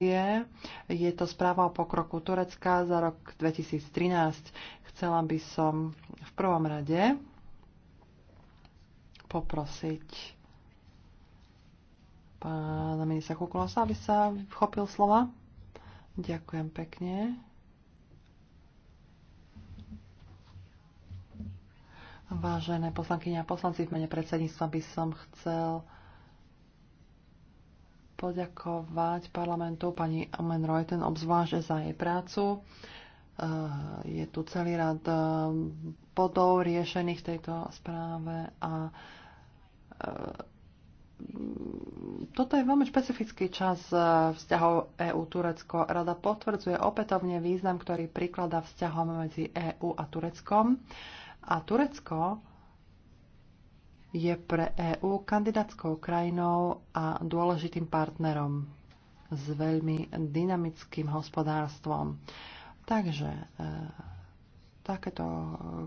je, je to správa o pokroku Turecka za rok 2013. Chcela by som v prvom rade poprosiť pána ministra Kukulosa, aby sa chopil slova. Ďakujem pekne. Vážené poslankyne a poslanci, v mene predsedníctva by som chcel poďakovať parlamentu pani Omen Reuten obzvlášť za jej prácu. Eh, je tu celý rad eh, bodov riešených v tejto správe a eh, toto je veľmi špecifický čas vzťahov EU-Turecko. Rada potvrdzuje opätovne význam, ktorý prikladá vzťahom medzi EU a Tureckom. A Turecko je pre EÚ kandidátskou krajinou a dôležitým partnerom s veľmi dynamickým hospodárstvom. Takže e, takéto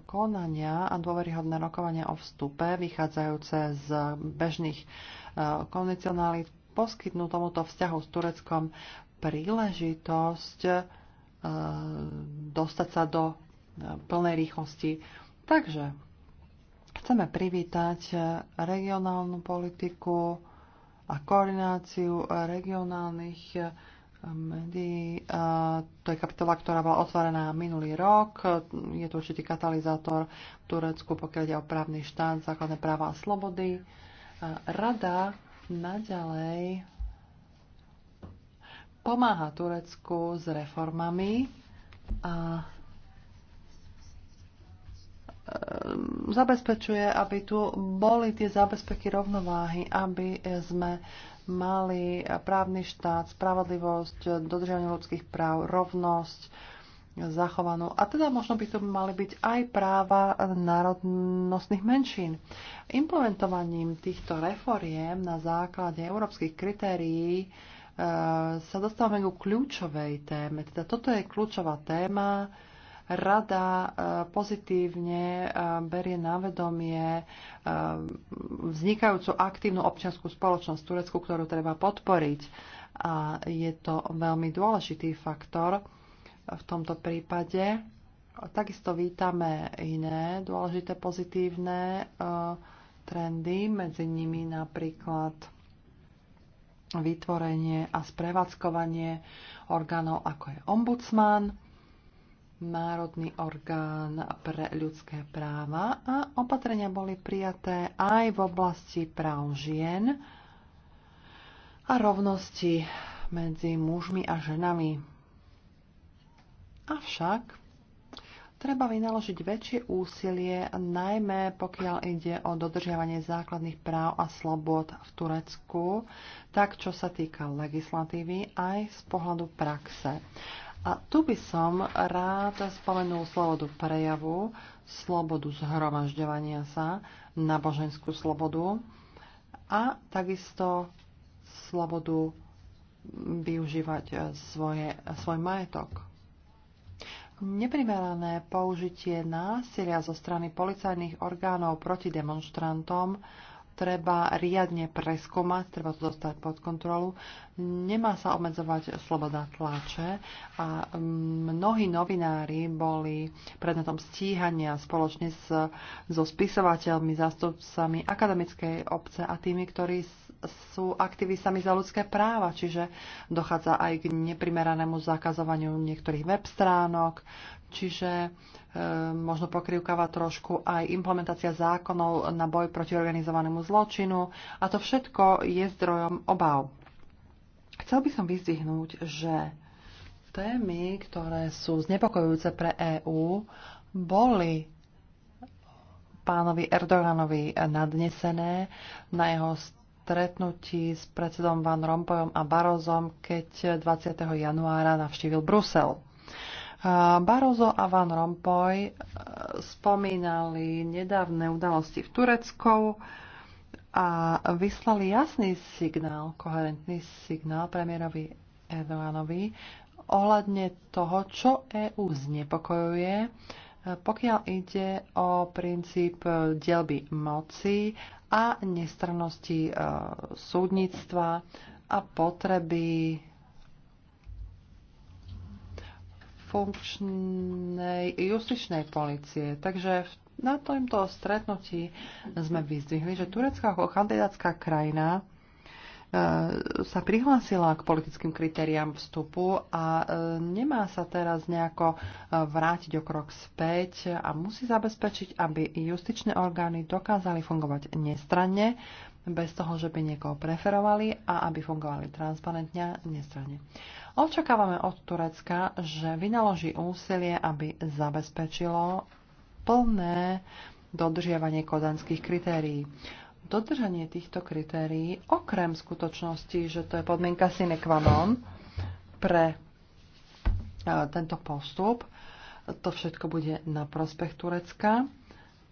konania a dôveryhodné rokovania o vstupe vychádzajúce z bežných e, kondicionálit poskytnú tomuto vzťahu s Tureckom príležitosť e, dostať sa do e, plnej rýchlosti. Takže Chceme privítať e, regionálnu politiku a koordináciu e, regionálnych e, médií. To je kapitola, ktorá bola otvorená minulý rok. Je to určitý katalizátor v Turecku, pokiaľ ide o právny štát, základné práva a slobody. Rada naďalej pomáha Turecku s reformami a Ehm, zabezpečuje, aby tu boli tie zabezpeky rovnováhy, aby sme mali právny štát, spravodlivosť, dodržanie ľudských práv, rovnosť zachovanú. A teda možno by tu mali byť aj práva národnostných menšín. Implementovaním týchto reforiem na základe európskych kritérií ehm, sa dostávame ku kľúčovej téme. Teda toto je kľúčová téma, Rada e, pozitívne e, berie na vedomie e, vznikajúcu aktívnu občianskú spoločnosť v Turecku, ktorú treba podporiť. A je to veľmi dôležitý faktor v tomto prípade. Takisto vítame iné dôležité pozitívne trendy, medzi nimi napríklad vytvorenie a sprevádzkovanie orgánov ako je ombudsman, Národný orgán pre ľudské práva a opatrenia boli prijaté aj v oblasti práv žien a rovnosti medzi mužmi a ženami. Avšak treba vynaložiť väčšie úsilie, najmä pokiaľ ide o dodržiavanie základných práv a slobod v Turecku, tak čo sa týka legislatívy aj z pohľadu praxe. A tu by som rád spomenul slobodu prejavu, slobodu zhromažďovania sa, náboženskú slobodu a takisto slobodu využívať svoje, svoj majetok. Neprimerané použitie násilia zo strany policajných orgánov proti demonstrantom treba riadne preskomať, treba to dostať pod kontrolu. Nemá sa obmedzovať sloboda tlače a mnohí novinári boli predmetom stíhania spoločne s, so spisovateľmi, zástupcami akademickej obce a tými, ktorí sú aktivistami za ľudské práva, čiže dochádza aj k neprimeranému zakazovaniu niektorých web stránok, čiže Ehm, možno pokrývkava trošku aj implementácia zákonov na boj proti organizovanému zločinu a to všetko je zdrojom obav. Chcel by som vyzdvihnúť, že témy, ktoré sú znepokojujúce pre EÚ, boli pánovi Erdoganovi nadnesené na jeho stretnutí s predsedom Van Rompojom a Barozom, keď 20. januára navštívil Brusel. Barozo a Van Rompuy e, spomínali nedávne udalosti v Turecku a vyslali jasný signál, koherentný signál premiérovi Erdoganovi ohľadne toho, čo EÚ znepokojuje, e, pokiaľ ide o princíp delby moci a nestrannosti e, súdnictva a potreby funkčnej justičnej policie. Takže na tomto stretnutí sme vyzdvihli, že turecká ako kandidátska krajina e, sa prihlásila k politickým kritériám vstupu a e, nemá sa teraz nejako e, vrátiť o krok späť a musí zabezpečiť, aby justičné orgány dokázali fungovať nestranne, bez toho, že by niekoho preferovali a aby fungovali transparentne a nestranne. Očakávame od Turecka, že vynaloží úsilie, aby zabezpečilo plné dodržiavanie kodanských kritérií. Dodržanie týchto kritérií, okrem skutočnosti, že to je podmienka sine qua non pre e, tento postup, to všetko bude na prospech Turecka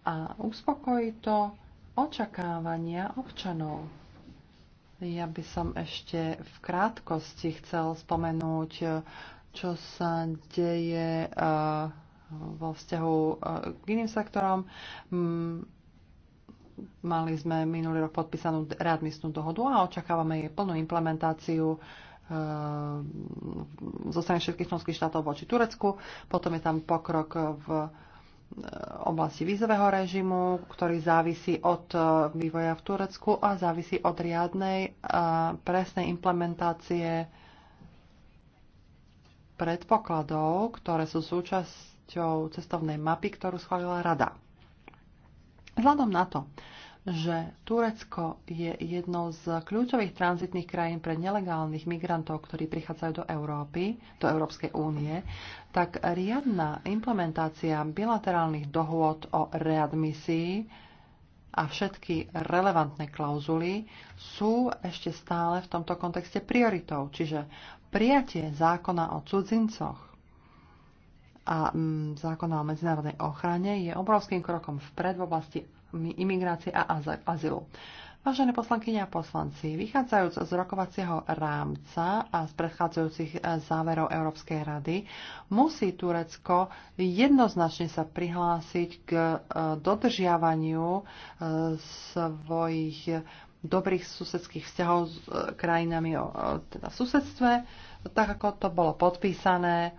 a uspokojí to očakávania občanov. Ja by som ešte v krátkosti chcel spomenúť, eh, čo sa deje eh, vo vzťahu eh, k iným sektorom. Mm, mali sme minulý rok podpísanú readmisnú dohodu a očakávame jej plnú implementáciu zo strany všetkých členských štátov voči Turecku. Potom je tam pokrok v Eh, oblasti vízového režimu, ktorý závisí od eh, vývoja v Turecku a závisí od riadnej a presnej implementácie predpokladov, ktoré sú súčasťou cestovnej mapy, ktorú schválila Rada. Vzhľadom na to, že Turecko je jednou z kľúčových tranzitných krajín pre nelegálnych migrantov, ktorí prichádzajú do Európy, do Európskej únie, tak riadna implementácia bilaterálnych dohôd o readmisii a všetky relevantné klauzuly sú ešte stále v tomto kontexte prioritou, čiže prijatie zákona o cudzincoch a mm, zákona o medzinárodnej ochrane je obrovským krokom vpred v oblasti imigrácie a azylu. Vážené poslankyne a poslanci, vychádzajúc z rokovacieho rámca a z predchádzajúcich eh, záverov Európskej rady, musí Turecko jednoznačne sa prihlásiť k eh, dodržiavaniu eh, svojich dobrých susedských vzťahov s krajinami teda v susedstve, tak ako to bolo podpísané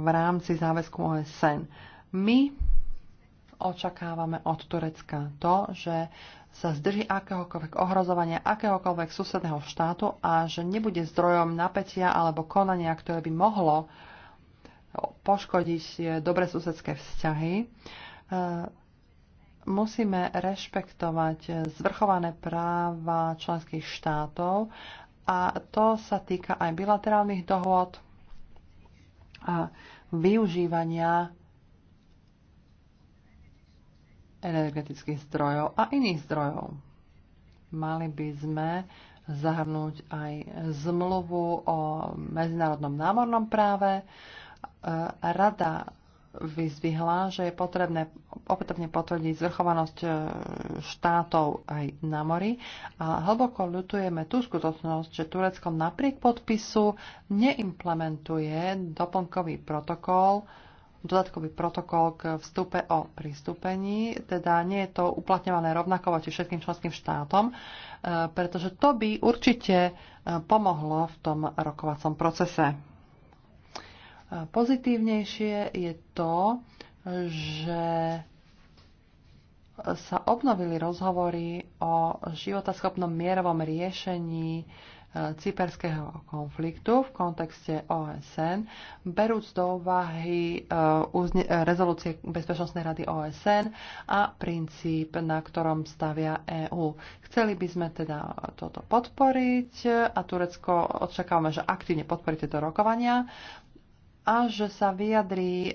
v rámci záväzku OSN. My očakávame od Turecka to, že sa zdrží akéhokoľvek ohrozovania akéhokoľvek susedného štátu a že nebude zdrojom napätia alebo konania, ktoré by mohlo poškodiť dobre susedské vzťahy. E, musíme rešpektovať zvrchované práva členských štátov a to sa týka aj bilaterálnych dohod a využívania energetických zdrojov a iných zdrojov. Mali by sme zahrnúť aj zmluvu o medzinárodnom námornom práve. E, Rada vyzvihla, že je potrebné opätovne potvrdiť zvrchovanosť e, štátov aj na mori a hlboko ľutujeme tú skutočnosť, že Turecko napriek podpisu neimplementuje doplnkový protokol dodatkový protokol k vstupe o pristúpení. Teda nie je to uplatňované rovnako voči všetkým členským štátom, e, pretože to by určite e, pomohlo v tom rokovacom procese. E, pozitívnejšie je to, že sa obnovili rozhovory o životaschopnom mierovom riešení cyperského konfliktu v kontexte OSN, berúc do úvahy e, rezolúcie Bezpečnostnej rady OSN a princíp, na ktorom stavia EÚ. Chceli by sme teda toto podporiť a Turecko očakávame, že aktívne podporí tieto rokovania a že sa vyjadrí e,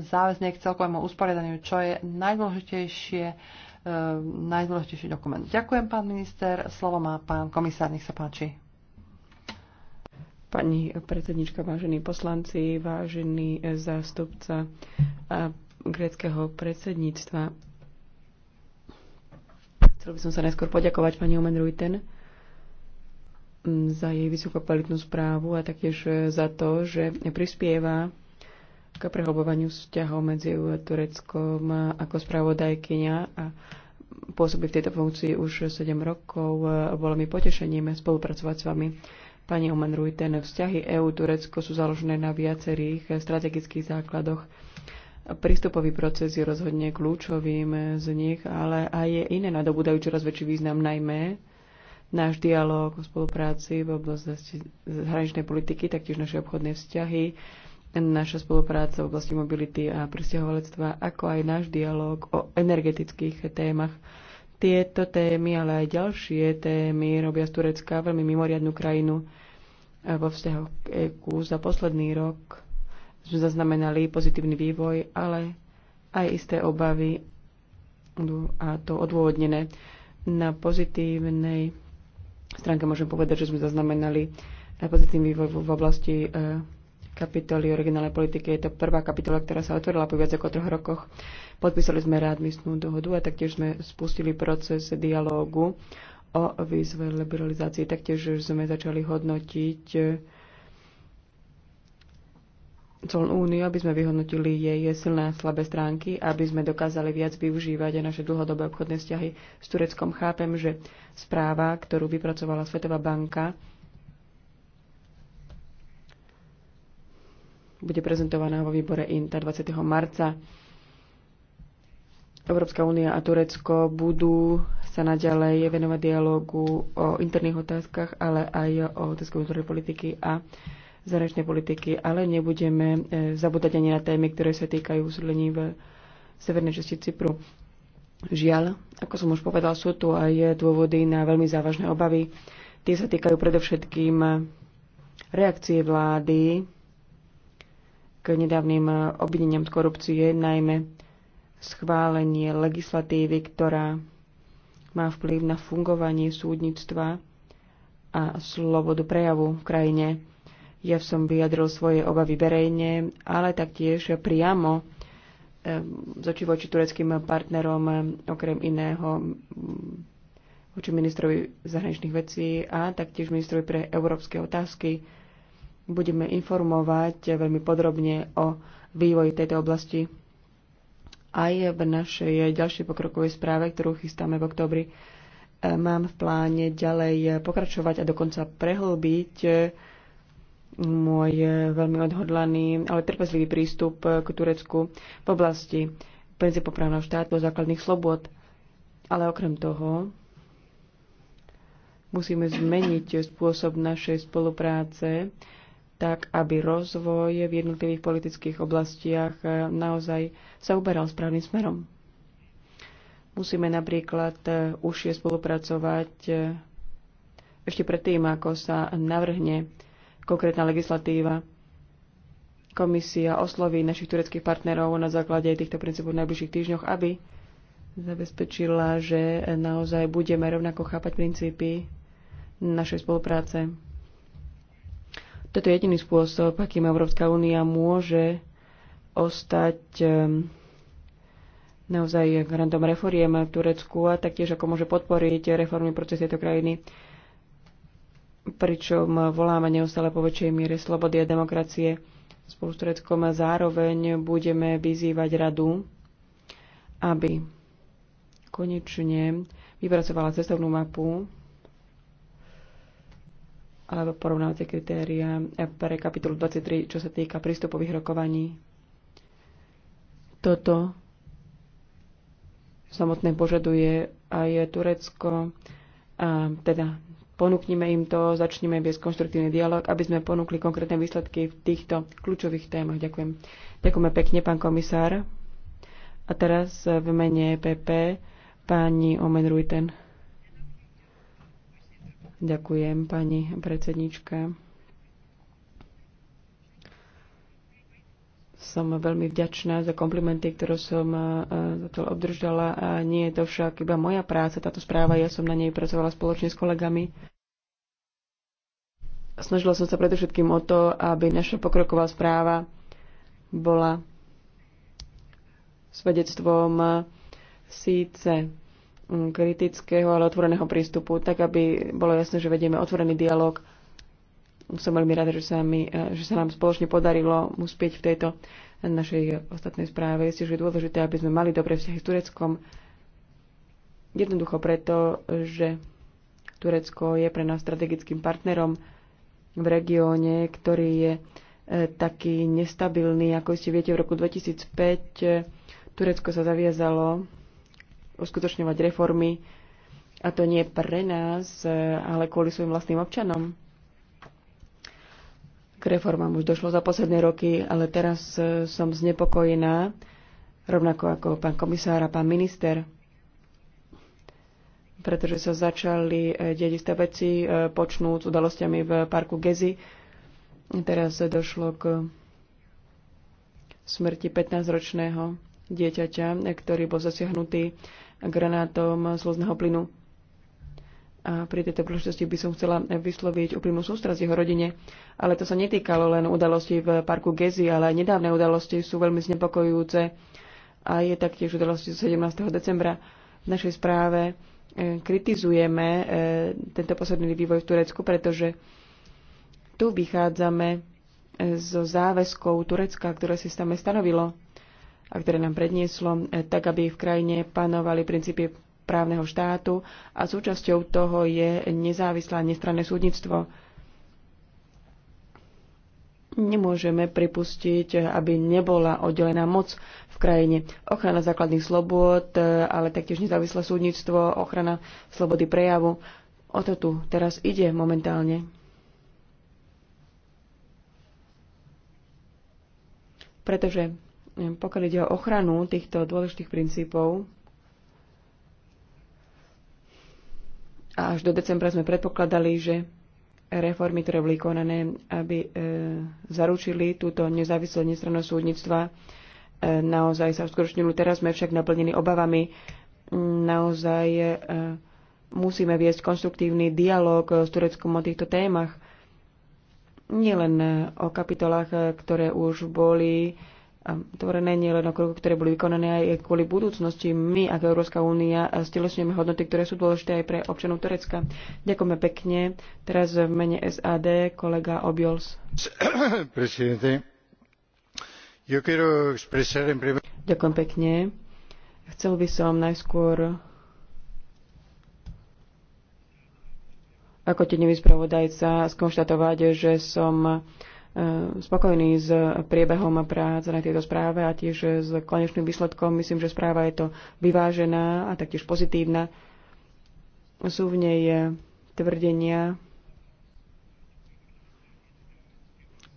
záväzne k celkovému usporiadaniu, čo je najdôležitejšie e, najdôležitejší dokument. Ďakujem, pán minister. Slovo má pán komisár, nech sa páči. Pani predsednička, vážení poslanci, vážený e, zástupca e, greckého predsedníctva. Chcel by som sa najskôr poďakovať pani Omen Ruiten za jej vysokokvalitnú správu a taktiež e, za to, že prispieva k prehlbovaniu vzťahov medzi Tureckom ako spravodajkyňa a pôsobí v tejto funkcii už 7 rokov. Bolo mi potešením spolupracovať s vami. Pani Omen Ruiten, vzťahy EU-Turecko sú založené na viacerých strategických základoch. Prístupový proces je rozhodne kľúčovým z nich, ale aj je iné nadobudajú čoraz väčší význam, najmä náš dialog o spolupráci v oblasti zahraničnej politiky, taktiež naše obchodné vzťahy, naša spolupráca v oblasti mobility a presťahovalectva, ako aj náš dialog o energetických témach. Tieto témy, ale aj ďalšie témy robia z Turecka veľmi mimoriadnú krajinu eh, vo vzťahu k EQ. Za posledný rok sme zaznamenali pozitívny vývoj, ale aj isté obavy a to odôvodnené. Na pozitívnej stránke môžem povedať, že sme zaznamenali eh, pozitívny vývoj v oblasti eh, kapitoly originálnej politiky. Je to prvá kapitola, ktorá sa otvorila po viac ako troch rokoch. Podpísali sme readmisnú dohodu a taktiež sme spustili proces dialógu o výzve liberalizácie. Taktiež sme začali hodnotiť celú úniu, aby sme vyhodnotili jej silné a slabé stránky, aby sme dokázali viac využívať aj naše dlhodobé obchodné vzťahy s Tureckom. Chápem, že správa, ktorú vypracovala Svetová banka, bude prezentovaná vo výbore INTA 20. marca. Európska únia a Turecko budú sa naďalej venovať dialogu o interných otázkach, ale aj o otázkach vnútornej politiky a zahraničnej politiky, ale nebudeme e, zabúdať ani na témy, ktoré sa týkajú usúdlení v severnej časti Cypru. Žiaľ, ako som už povedal, sú tu aj dôvody na veľmi závažné obavy. Tie sa týkajú predovšetkým reakcie vlády k nedávnym obvineniam z korupcie, najmä schválenie legislatívy, ktorá má vplyv na fungovanie súdnictva a slobodu prejavu v krajine. Ja som vyjadril svoje obavy verejne, ale taktiež priamo z oči voči tureckým partnerom, okrem iného voči ministrovi zahraničných vecí a taktiež ministrovi pre európske otázky. Budeme informovať veľmi podrobne o vývoji tejto oblasti aj v našej ďalšej pokrokovej správe, ktorú chystáme v oktobri. E, mám v pláne ďalej pokračovať a dokonca prehlbiť e, môj veľmi odhodlaný, ale trpezlivý prístup k Turecku v oblasti princípov štátu a základných slobod. Ale okrem toho musíme zmeniť spôsob našej spolupráce tak aby rozvoj v jednotlivých politických oblastiach eh, naozaj sa uberal správnym smerom. Musíme napríklad eh, užšie spolupracovať eh, ešte predtým, ako sa navrhne konkrétna legislatíva. Komisia osloví našich tureckých partnerov na základe týchto princípov v najbližších týždňoch, aby zabezpečila, že naozaj budeme rovnako chápať princípy našej spolupráce. Toto je jediný spôsob, akým Európska únia môže ostať ehm, naozaj grantom reforiem v Turecku a taktiež ako môže podporiť reformy proces tejto krajiny, pričom voláme neustále po väčšej miere slobody a demokracie. Spolu s Tureckom a zároveň budeme vyzývať radu, aby konečne vypracovala cestovnú mapu alebo porovnávacie kritéria pre kapitolu 23, čo sa týka prístupových rokovaní. Toto samotné požaduje aj Turecko. A teda ponúknime im to, začneme viesť konštruktívny dialog, aby sme ponúkli konkrétne výsledky v týchto kľúčových témach. Ďakujem. Ďakujeme pekne, pán komisár. A teraz v mene PP e pani Omen Ruiten. Ďakujem, pani predsednička. som veľmi vďačná za komplimenty, ktoré som e, zatiaľ obdržala. A nie je to však iba moja práca, táto správa, ja som na nej pracovala spoločne s kolegami. Snažila som sa predovšetkým o to, aby naša pokroková správa bola svedectvom e, síce kritického, ale otvoreného prístupu, tak aby bolo jasné, že vedieme otvorený dialog. Som veľmi rada, že sa, mi, e, že sa nám spoločne podarilo uspieť v tejto našej ostatnej správe. Isté, že je dôležité, aby sme mali dobré vzťahy s Tureckom. Jednoducho preto, že Turecko je pre nás strategickým partnerom v regióne, ktorý je e, taký nestabilný. Ako ste viete, v roku 2005 e, Turecko sa zaviazalo uskutočňovať reformy. A to nie pre nás, ale kvôli svojim vlastným občanom. K reformám už došlo za posledné roky, ale teraz e, som znepokojená, rovnako ako pán komisár a pán minister, pretože sa začali dediť veci e, počnúť s udalosťami v parku Gezi. Teraz došlo k smrti 15-ročného dieťaťa, ktorý bol zasiahnutý granátom slozného plynu. A pri tejto príležitosti by som chcela vysloviť úprimnú sústrasť jeho rodine, ale to sa netýkalo len udalostí v parku Gezi, ale aj nedávne udalosti sú veľmi znepokojujúce a je taktiež udalosti 17. decembra. V našej správe e, kritizujeme e, tento posledný vývoj v Turecku, pretože tu vychádzame e, zo záväzkov Turecka, ktoré si same stanovilo a ktoré nám prednieslo, e, tak aby v krajine panovali princípy právneho štátu a súčasťou toho je nezávislé nestranné súdnictvo. Nemôžeme pripustiť, aby nebola oddelená moc v krajine. Ochrana základných slobôd, e, ale taktiež nezávislé súdnictvo, ochrana slobody prejavu. O to tu teraz ide momentálne. Pretože pokiaľ ide o ochranu týchto dôležitých princípov, a až do decembra sme predpokladali, že reformy, ktoré boli konané, aby e, zaručili túto nezávislosť nestrannosť súdnictva, e, naozaj sa uskutočnili. Teraz sme však naplnení obavami. Naozaj e, musíme viesť konstruktívny dialog s Tureckom o týchto témach. Nielen e, o kapitolách, e, ktoré už boli tvorené nie o okruhu, ktoré boli vykonané aj kvôli budúcnosti. My ako Európska únia stelesňujeme hodnoty, ktoré sú dôležité aj pre občanov Turecka. Ďakujeme pekne. Teraz v mene SAD kolega Obiols. Ďakujem pekne. Chcel by som najskôr ako tenivý spravodajca skonštatovať, že som E, spokojní s priebehom prác na tejto správe a tiež s konečným výsledkom. Myslím, že správa je to vyvážená a taktiež pozitívna. Sú v nej e, tvrdenia,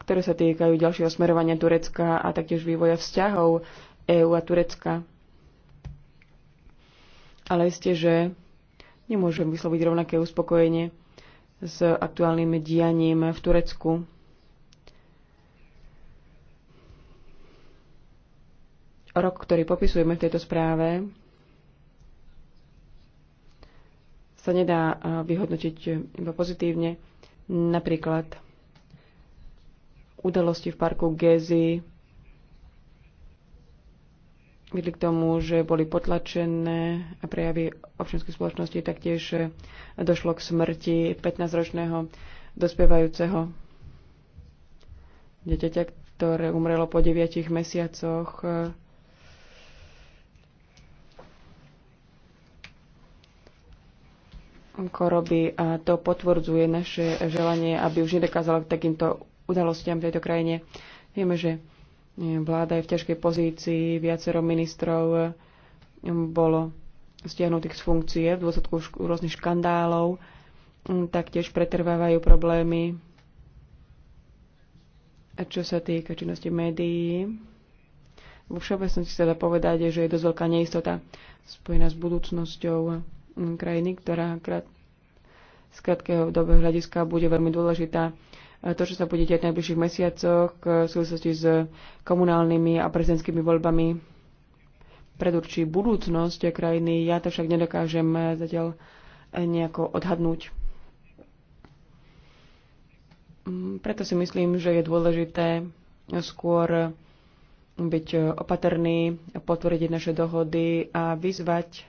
ktoré sa týkajú ďalšieho smerovania Turecka a taktiež vývoja vzťahov EÚ a Turecka. Ale ste, že nemôžem vysloviť rovnaké uspokojenie s aktuálnym dianím v Turecku. Rok, ktorý popisujeme v tejto správe, sa nedá eh, vyhodnotiť eh, iba pozitívne. Napríklad udalosti v parku Gezi vedli k tomu, že boli potlačené a prejavy občianskej spoločnosti taktiež eh, došlo k smrti 15-ročného dospievajúceho dieťaťa, ktoré umrelo po deviatich mesiacoch Koroby a to potvrdzuje naše želanie, aby už nedokázala k takýmto udalostiam v tejto krajine. Vieme, že e, vláda je v ťažkej pozícii, viacero ministrov e, bolo stiahnutých z funkcie v dôsledku rôznych škandálov, taktiež pretrvávajú problémy, čo sa týka činnosti médií. Vo všeobecnosti sa dá povedať, že je dosť veľká neistota spojená s budúcnosťou krajiny, ktorá krát, z krátkeho dobeho hľadiska bude veľmi dôležitá. To, čo sa bude diať v najbližších mesiacoch v súvislosti s komunálnymi a prezidentskými voľbami, predurčí budúcnosť krajiny. Ja to však nedokážem eh, zatiaľ eh, nejako odhadnúť. Mm, preto si myslím, že je dôležité skôr eh, byť opatrný, potvrdiť naše dohody a vyzvať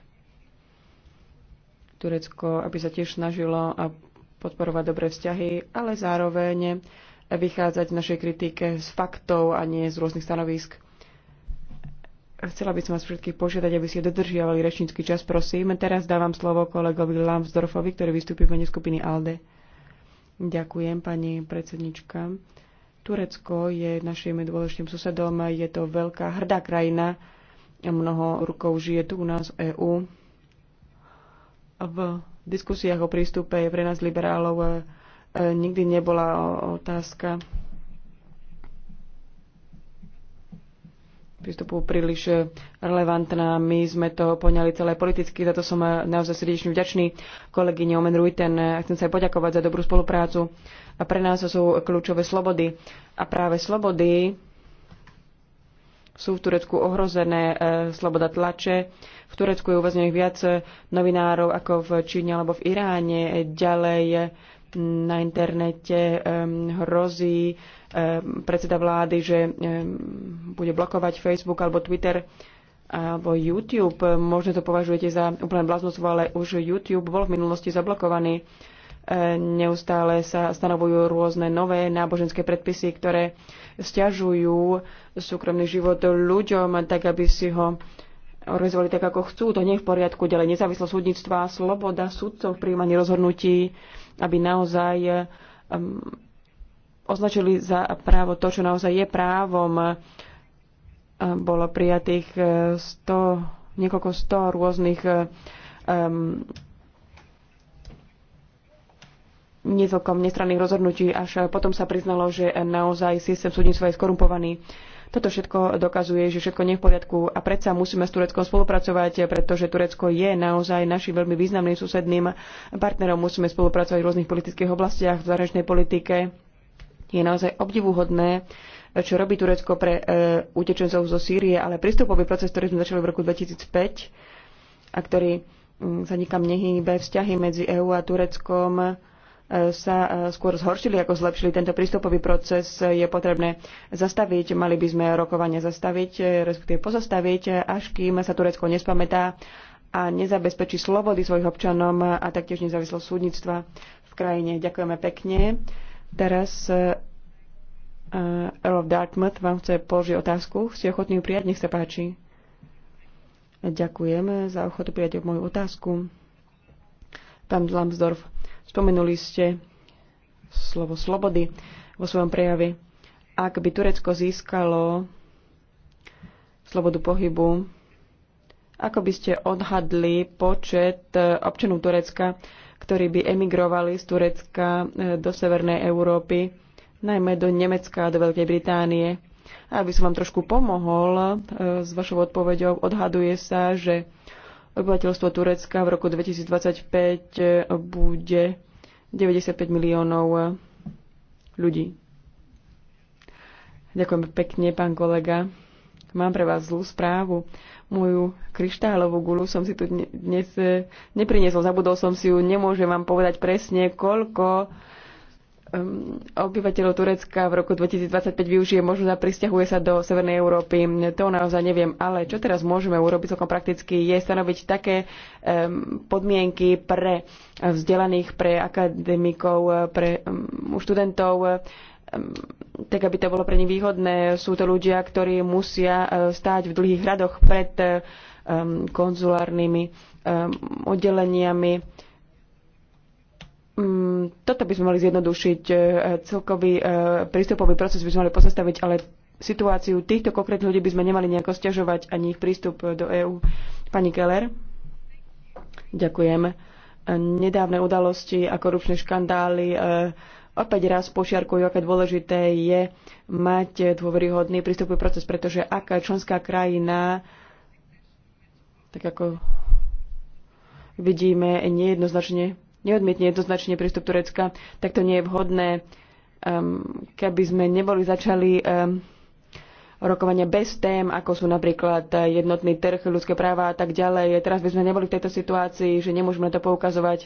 Turecko, aby sa tiež snažilo a podporovať dobré vzťahy, ale zároveň vychádzať v našej kritike z faktov a nie z rôznych stanovisk. Chcela by som vás všetkých požiadať, aby ste dodržiavali rečnícky čas, prosím. Teraz dávam slovo kolegovi Lambsdorfovi, ktorý vystúpi v mene skupiny ALDE. Ďakujem, pani predsednička. Turecko je našim dôležitým susedom, je to veľká hrdá krajina, mnoho rukou žije tu u nás v EÚ v diskusiách o prístupe pre nás liberálov e, e, nikdy nebola otázka prístupu príliš relevantná. My sme to poňali celé politicky, za to som e, naozaj srdečne vďačný kolegyne Omen Ruiten. Chcem sa aj poďakovať za dobrú spoluprácu. A pre nás sú kľúčové slobody. A práve slobody sú v Turecku ohrozené, e, sloboda tlače. V Turecku je uväznených viac novinárov ako v Číne alebo v Iráne. Ďalej na internete hrozí predseda vlády, že bude blokovať Facebook alebo Twitter alebo YouTube. Možno to považujete za úplne bláznost, ale už YouTube bol v minulosti zablokovaný. E, neustále sa stanovujú rôzne nové náboženské predpisy, ktoré stiažujú súkromný život ľuďom, tak aby si ho organizovali tak, ako chcú. To nie je v poriadku. Ďalej nezávislosť súdnictva, sloboda súdcov v príjmaní rozhodnutí, aby naozaj um, označili za právo to, čo naozaj je právom. Um, bolo prijatých uh, sto niekoľko sto rôznych um, niekoľkom nestranných rozhodnutí, až potom sa priznalo, že naozaj systém súdnictva je skorumpovaný. Toto všetko dokazuje, že všetko nie je v poriadku a predsa musíme s Tureckom spolupracovať, pretože Turecko je naozaj našim veľmi významným susedným partnerom. Musíme spolupracovať v rôznych politických oblastiach, v zahraničnej politike. Je naozaj obdivuhodné, čo robí Turecko pre e, utečencov zo Sýrie, ale prístupový proces, ktorý sme začali v roku 2005 a ktorý sa nikam nehýbe, vzťahy medzi EÚ a Tureckom sa e, skôr zhoršili, ako zlepšili. Tento prístupový proces je potrebné zastaviť, mali by sme rokovania zastaviť, e, respektíve pozastaviť, až kým sa Turecko nespamätá a nezabezpečí slobody svojich občanom a taktiež nezávislosť súdnictva v krajine. Ďakujeme pekne. Teraz e, Earl of Dartmouth vám chce položiť otázku. Ste ochotní ju prijať? Nech sa páči. Ďakujem za ochotu prijať moju otázku. Pán Lambsdorff, Spomenuli ste slovo slobody vo svojom prejave. Ak by Turecko získalo slobodu pohybu, ako by ste odhadli počet e, občanov Turecka, ktorí by emigrovali z Turecka e, do Severnej Európy, najmä do Nemecka a do Veľkej Británie? Aby som vám trošku pomohol e, s vašou odpoveďou, odhaduje sa, že obyvateľstvo Turecka v roku 2025 eh, bude 95 miliónov eh, ľudí. Ďakujem pekne, pán kolega. Mám pre vás zlú správu. Moju kryštálovú gulu som si tu dnes eh, nepriniesol. Zabudol som si ju. Nemôžem vám povedať presne, koľko obyvateľov Turecka v roku 2025 využije možno a pristahuje sa do Severnej Európy. To naozaj neviem, ale čo teraz môžeme urobiť celkom prakticky je stanoviť také podmienky pre vzdelaných, pre akademikov, e, pre študentov, e, tak aby to bolo pre nich výhodné. Sú to ľudia, ktorí musia e, stáť v dlhých radoch pred konzulárnymi oddeleniami Mm, toto by sme mali zjednodušiť. E, celkový e, prístupový proces by sme mali pozastaviť, ale situáciu týchto konkrétnych ľudí by sme nemali nejako stiažovať ani ich prístup do EÚ. Pani Keller, ďakujem. E, nedávne udalosti a korupčné škandály opäť raz pošiarkujú, aké dôležité je mať dôveryhodný prístupový proces, pretože aká členská krajina, tak ako vidíme, nejednoznačne neodmietne jednoznačne prístup Turecka, tak to nie je vhodné, um, keby sme neboli začali um, rokovania bez tém, ako sú napríklad jednotný trh, ľudské práva a tak ďalej. Teraz by sme neboli v tejto situácii, že nemôžeme to poukazovať.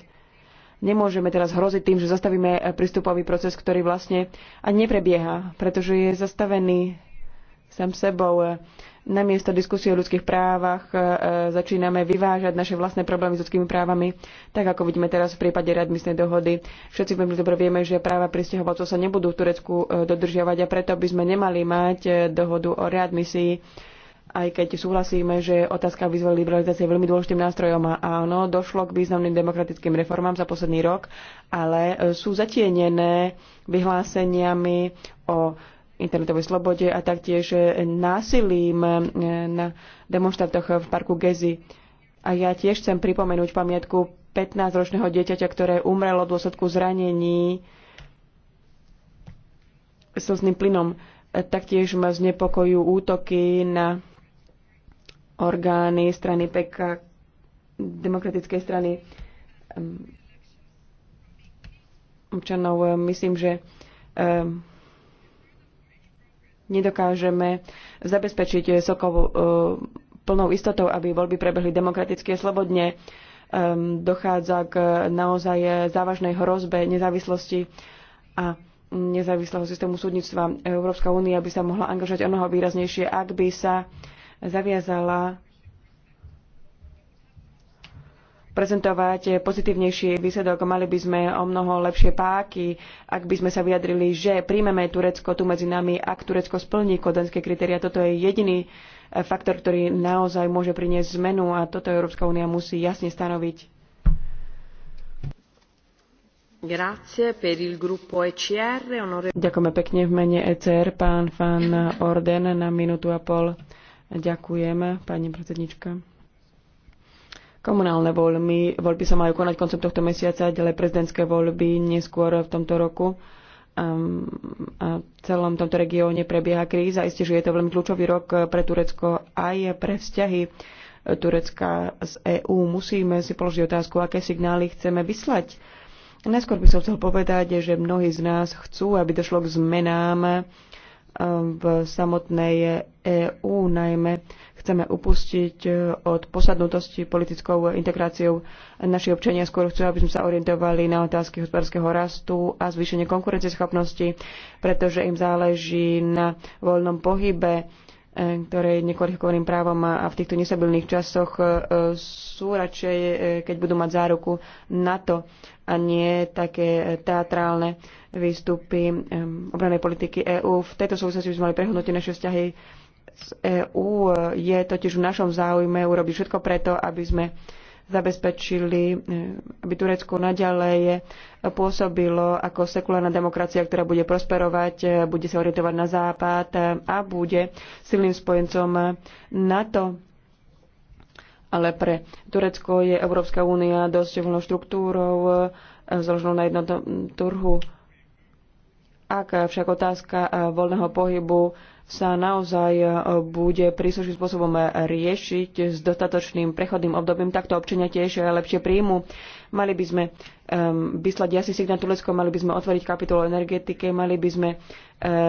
Nemôžeme teraz hroziť tým, že zastavíme eh, prístupový proces, ktorý vlastne ani neprebieha, pretože je zastavený sám sebou namiesto diskusie o ľudských právach e, e, začíname vyvážať naše vlastné problémy s ľudskými právami, tak ako vidíme teraz v prípade readmisnej dohody. Všetci veľmi dobre vieme, že práva pristahovalcov sa nebudú v Turecku e, dodržiavať a preto by sme nemali mať dohodu o readmisii, aj keď súhlasíme, že otázka výzvoj liberalizácie je veľmi dôležitým nástrojom a áno, došlo k významným demokratickým reformám za posledný rok, ale sú zatienené vyhláseniami o internetovej slobode a taktiež násilím na demonstrátoch v parku Gezi. A ja tiež chcem pripomenúť pamiatku 15-ročného dieťaťa, ktoré umrelo v dôsledku zranení slzným plynom. Taktiež ma znepokojú útoky na orgány strany PK, demokratickej strany um, občanov. Myslím, že um, nedokážeme zabezpečiť sokov e, plnou istotou, aby voľby prebehli demokraticky a slobodne. E, dochádza k naozaj závažnej hrozbe nezávislosti a nezávislého systému súdnictva. Európska únia by sa mohla angažovať o mnoho výraznejšie, ak by sa zaviazala prezentovať pozitívnejší výsledok. Mali by sme o mnoho lepšie páky, ak by sme sa vyjadrili, že príjmeme Turecko tu medzi nami, ak Turecko splní kodanské kritéria. Toto je jediný eh, faktor, ktorý naozaj môže priniesť zmenu a toto Európska únia musí jasne stanoviť. E Ďakujeme pekne v mene ECR, pán Van Orden, na minútu a pol. Ďakujem, pani predsednička. Komunálne voľby, voľby sa majú konať koncom tohto mesiaca, ďalej prezidentské voľby neskôr v tomto roku. Um, a v celom tomto regióne prebieha kríza. Isté, že je to veľmi kľúčový rok pre Turecko aj pre vzťahy Turecka z EÚ. Musíme si položiť otázku, aké signály chceme vyslať. Neskôr by som chcel povedať, že mnohí z nás chcú, aby došlo k zmenám v samotnej EÚ, najmä chceme upustiť e, od posadnutosti politickou integráciou. Naši občania skôr chcú, aby sme sa orientovali na otázky hospodárskeho rastu a zvýšenie konkurencieschopnosti, pretože im záleží na voľnom pohybe E, ktoré je nekvalifikovaným právom a v týchto nesabilných časoch e, sú radšej, e, keď budú mať záruku na to a nie také teatrálne výstupy obranej politiky EÚ. V tejto súvislosti by sme mali prehodnotiť naše vzťahy z EÚ. Je totiž v našom záujme urobiť všetko preto, aby sme zabezpečili, e, aby Turecko naďalej pôsobilo ako sekulárna demokracia, ktorá bude prosperovať, e, bude sa orientovať na západ a bude silným spojencom NATO. Ale pre Turecko je Európska únia dosť voľnou štruktúrou, e, zloženou na jednotnom trhu. Ak však otázka voľného pohybu sa naozaj e, bude príslušným spôsobom riešiť s dostatočným prechodným obdobím, takto občania tiež e, lepšie príjmu. Mali by sme vyslať jasný signál Turecko, mali by sme otvoriť kapitolu energetike, mali by sme e,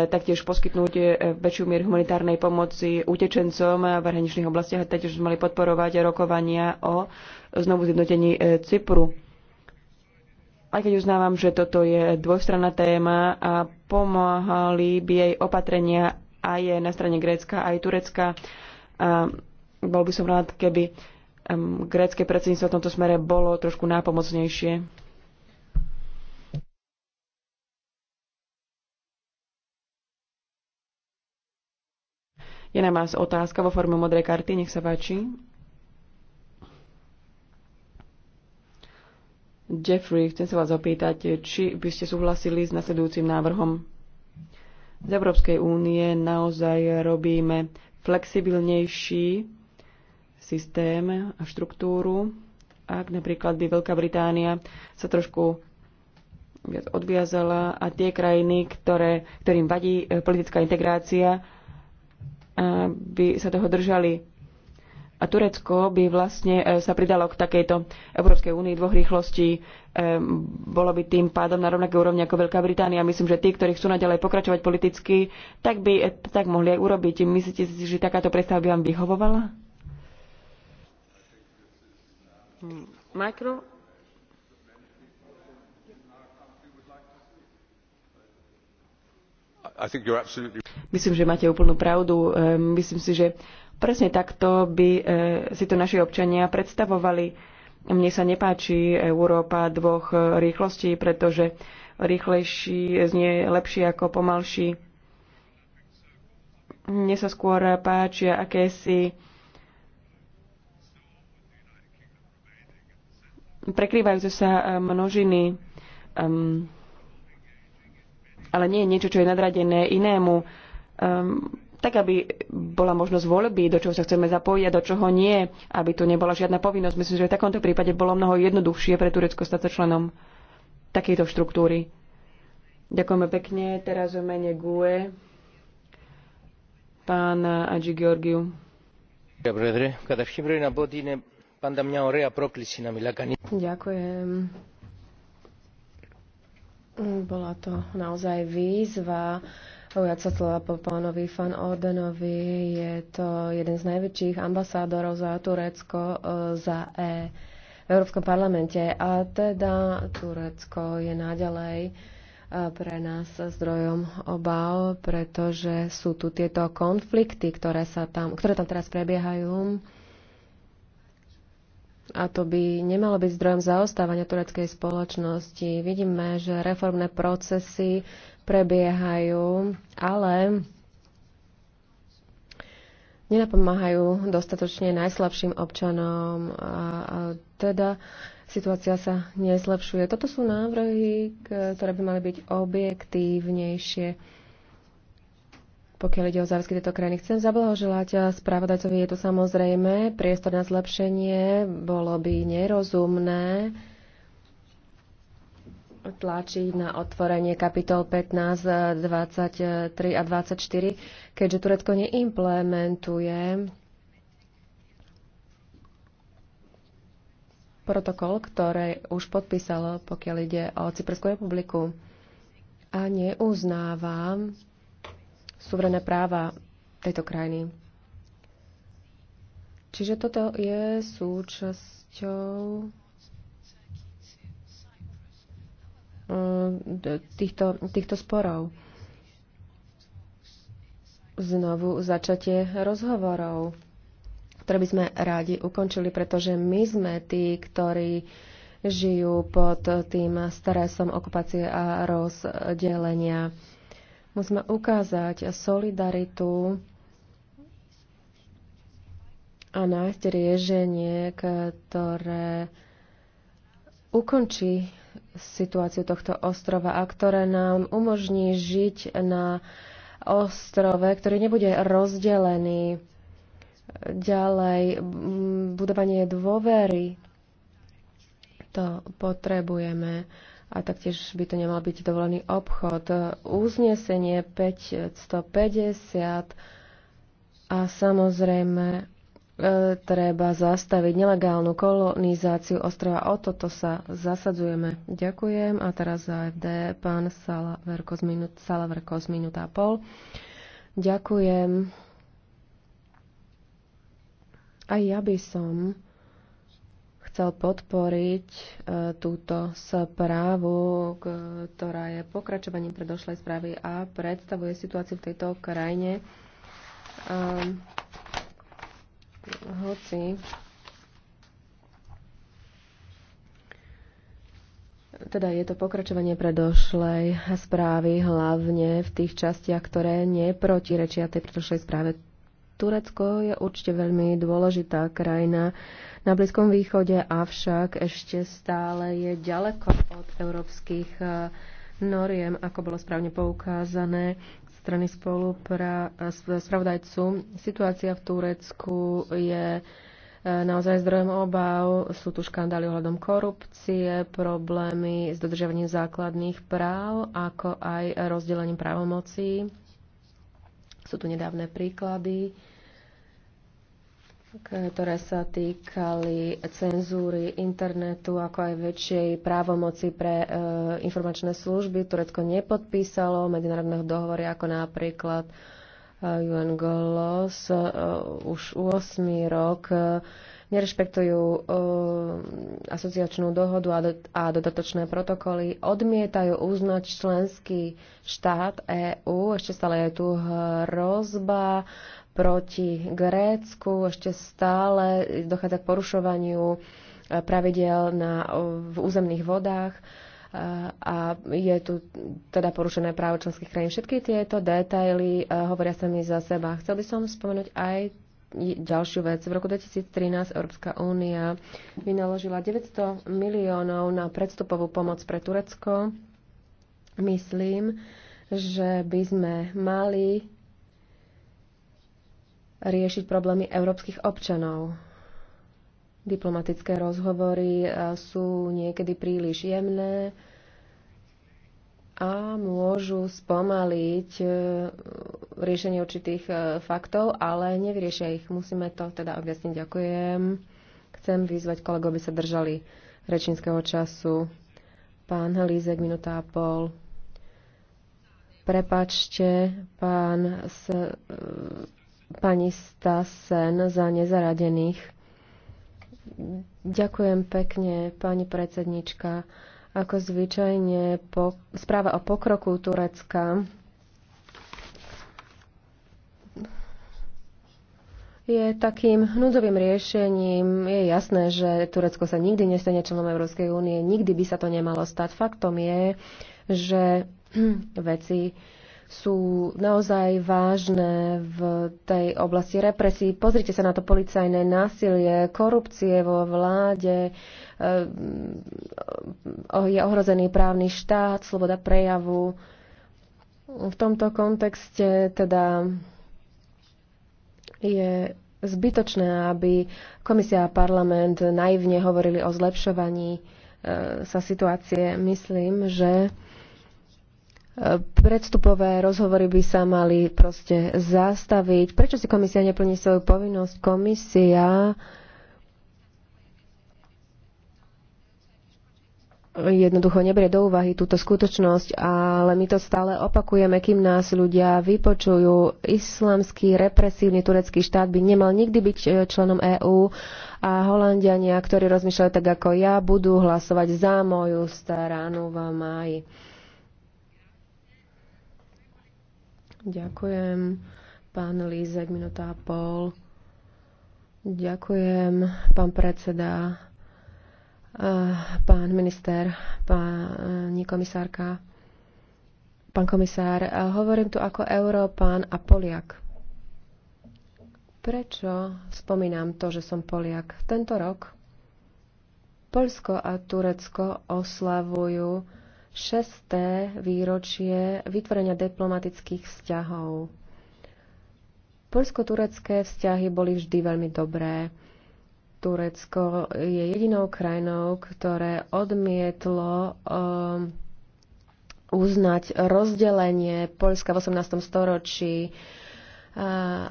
taktiež poskytnúť väčšiu mieru humanitárnej pomoci utečencom v hraničných oblastiach a taktiež sme mali podporovať rokovania o znovu zjednotení Cypru aj keď uznávam, že toto je dvojstranná téma a pomáhali by jej opatrenia aj na strane Grécka, aj Turecka. A bol by som rád, keby grécke predsedníctvo v tomto smere bolo trošku nápomocnejšie. Je na vás otázka vo forme modrej karty, nech sa páči. Jeffrey, chcem sa vás opýtať, či by ste súhlasili s nasledujúcim návrhom z Európskej únie naozaj robíme flexibilnejší systém a štruktúru. Ak napríklad by Veľká Británia sa trošku viac odviazala a tie krajiny, ktoré, ktorým vadí eh, politická integrácia, eh, by sa toho držali a Turecko by vlastne e, sa pridalo k takejto Európskej únii dvoch rýchlostí. E, bolo by tým pádom na rovnaké úrovni ako Veľká Británia. Myslím, že tí, ktorí chcú naďalej pokračovať politicky, tak by e, tak mohli aj urobiť. Myslíte si, že takáto predstava by vám vyhovovala? Myslím, že máte úplnú pravdu. Myslím si, že Presne takto by e, si to naši občania predstavovali. Mne sa nepáči Európa dvoch e, rýchlostí, pretože rýchlejší znie lepšie ako pomalší. Mne sa skôr páčia akési prekrývajúce sa e, množiny, um, ale nie je niečo, čo je nadradené inému. Um, tak aby bola možnosť voľby, do čoho sa chceme zapojiť a do čoho nie, aby tu nebola žiadna povinnosť. Myslím, že v takomto prípade bolo mnoho jednoduchšie pre Turecko stať sa členom takejto štruktúry. Ďakujeme pekne. Teraz o mene GUE. Pán Adži Georgiu. Ďakujem. Bola to naozaj výzva ujať sa slova po pánovi Fan Ordenovi. Je to jeden z najväčších ambasádorov za Turecko e, za E v Európskom parlamente. A teda Turecko je naďalej e, pre nás zdrojom obav, pretože sú tu tieto konflikty, ktoré, sa tam, ktoré tam teraz prebiehajú. A to by nemalo byť zdrojom zaostávania tureckej spoločnosti. Vidíme, že reformné procesy prebiehajú, ale nenapomáhajú dostatočne najslabším občanom. A, a teda situácia sa nezlepšuje. Toto sú návrhy, ktoré by mali byť objektívnejšie. Pokiaľ ide o záväzky tejto krajiny, chcem zablahoželať správodajcovi. Je to samozrejme priestor na zlepšenie. Bolo by nerozumné tlačí na otvorenie kapitol 15, 23 a 24, keďže Turecko neimplementuje protokol, ktoré už podpísalo, pokiaľ ide o Cyperskú republiku a neuznáva suverené práva tejto krajiny. Čiže toto je súčasťou E, týchto, týchto sporov. Znovu začatie rozhovorov, ktoré by sme rádi ukončili, pretože my sme tí, ktorí žijú pod tým stresom okupácie a rozdelenia. Musíme ukázať solidaritu a nájsť riešenie, ktoré ukončí situáciu tohto ostrova a ktoré nám umožní žiť na ostrove, ktorý nebude rozdelený ďalej. Budovanie dôvery to potrebujeme a taktiež by to nemal byť dovolený obchod. Uznesenie 550 a samozrejme E, treba zastaviť nelegálnu kolonizáciu ostrova. O toto sa zasadzujeme. Ďakujem. A teraz za FD pán Salaverko z, minút, Salaverko z minúta a pol. Ďakujem. A ja by som chcel podporiť e, túto správu, ktorá je pokračovaním predošlej správy a predstavuje situáciu v tejto krajine. E, hoci teda je to pokračovanie predošlej správy, hlavne v tých častiach, ktoré neprotirečia tej predošlej správe. Turecko je určite veľmi dôležitá krajina na Blízkom východe, avšak ešte stále je ďaleko od európskych eh, noriem, ako bolo správne poukázané strany spolu pra, spravodajcu. Situácia v Turecku je e, naozaj zdrojom obav. Sú tu škandály ohľadom korupcie, problémy s dodržiavaním základných práv, ako aj rozdelením právomocí. Sú tu nedávne príklady ktoré sa týkali cenzúry internetu, ako aj väčšej právomoci pre e, informačné služby. Turecko nepodpísalo medzinárodného dohovory, ako napríklad e, UN Golos, e, už 8 rok. E, nerešpektujú e, asociačnú dohodu a, do, a dodatočné protokoly, odmietajú uznať členský štát EÚ. Ešte stále je tu hrozba proti Grécku. Ešte stále dochádza k porušovaniu e, pravidel na, v územných vodách e, a je tu teda porušené právo členských krajín. Všetky tieto detaily e, hovoria sa mi za seba. Chcel by som spomenúť aj ďalšiu vec. V roku 2013 Európska únia vynaložila 900 miliónov na predstupovú pomoc pre Turecko. Myslím, že by sme mali riešiť problémy európskych občanov. Diplomatické rozhovory e, sú niekedy príliš jemné a môžu spomaliť e, riešenie určitých e, faktov, ale nevyriešia ich. Musíme to teda objasniť. Ďakujem. Chcem vyzvať kolegov, aby sa držali rečníckého času. Pán Lízek, minúta a pol. Prepačte, pán s, pani Stasen za nezaradených. Ďakujem pekne, pani predsednička. Ako zvyčajne po, správa o pokroku Turecka je takým núdzovým riešením. Je jasné, že Turecko sa nikdy nestane členom Európskej únie, nikdy by sa to nemalo stať. Faktom je, že veci sú naozaj vážne v tej oblasti represí. Pozrite sa na to policajné násilie, korupcie vo vláde, eh, je ohrozený právny štát, sloboda prejavu. V tomto kontexte teda je zbytočné, aby komisia a parlament naivne hovorili o zlepšovaní eh, sa situácie. Myslím, že Predstupové rozhovory by sa mali proste zastaviť. Prečo si komisia neplní svoju povinnosť? Komisia jednoducho neberie do úvahy túto skutočnosť, ale my to stále opakujeme, kým nás ľudia vypočujú. Islamský represívny turecký štát by nemal nikdy byť e, členom EÚ a Holandiania, ktorí rozmýšľajú tak ako ja, budú hlasovať za moju stranu v máji. Ďakujem. Pán Lízek, minúta a pol. Ďakujem, pán predseda, pán minister, pani komisárka, pán komisár. Hovorím tu ako Európán a Poliak. Prečo spomínam to, že som Poliak? Tento rok Polsko a Turecko oslavujú šesté výročie vytvorenia diplomatických vzťahov. Polsko-turecké vzťahy boli vždy veľmi dobré. Turecko je jedinou krajinou, ktoré odmietlo um, uznať rozdelenie Polska v 18. storočí. Uh,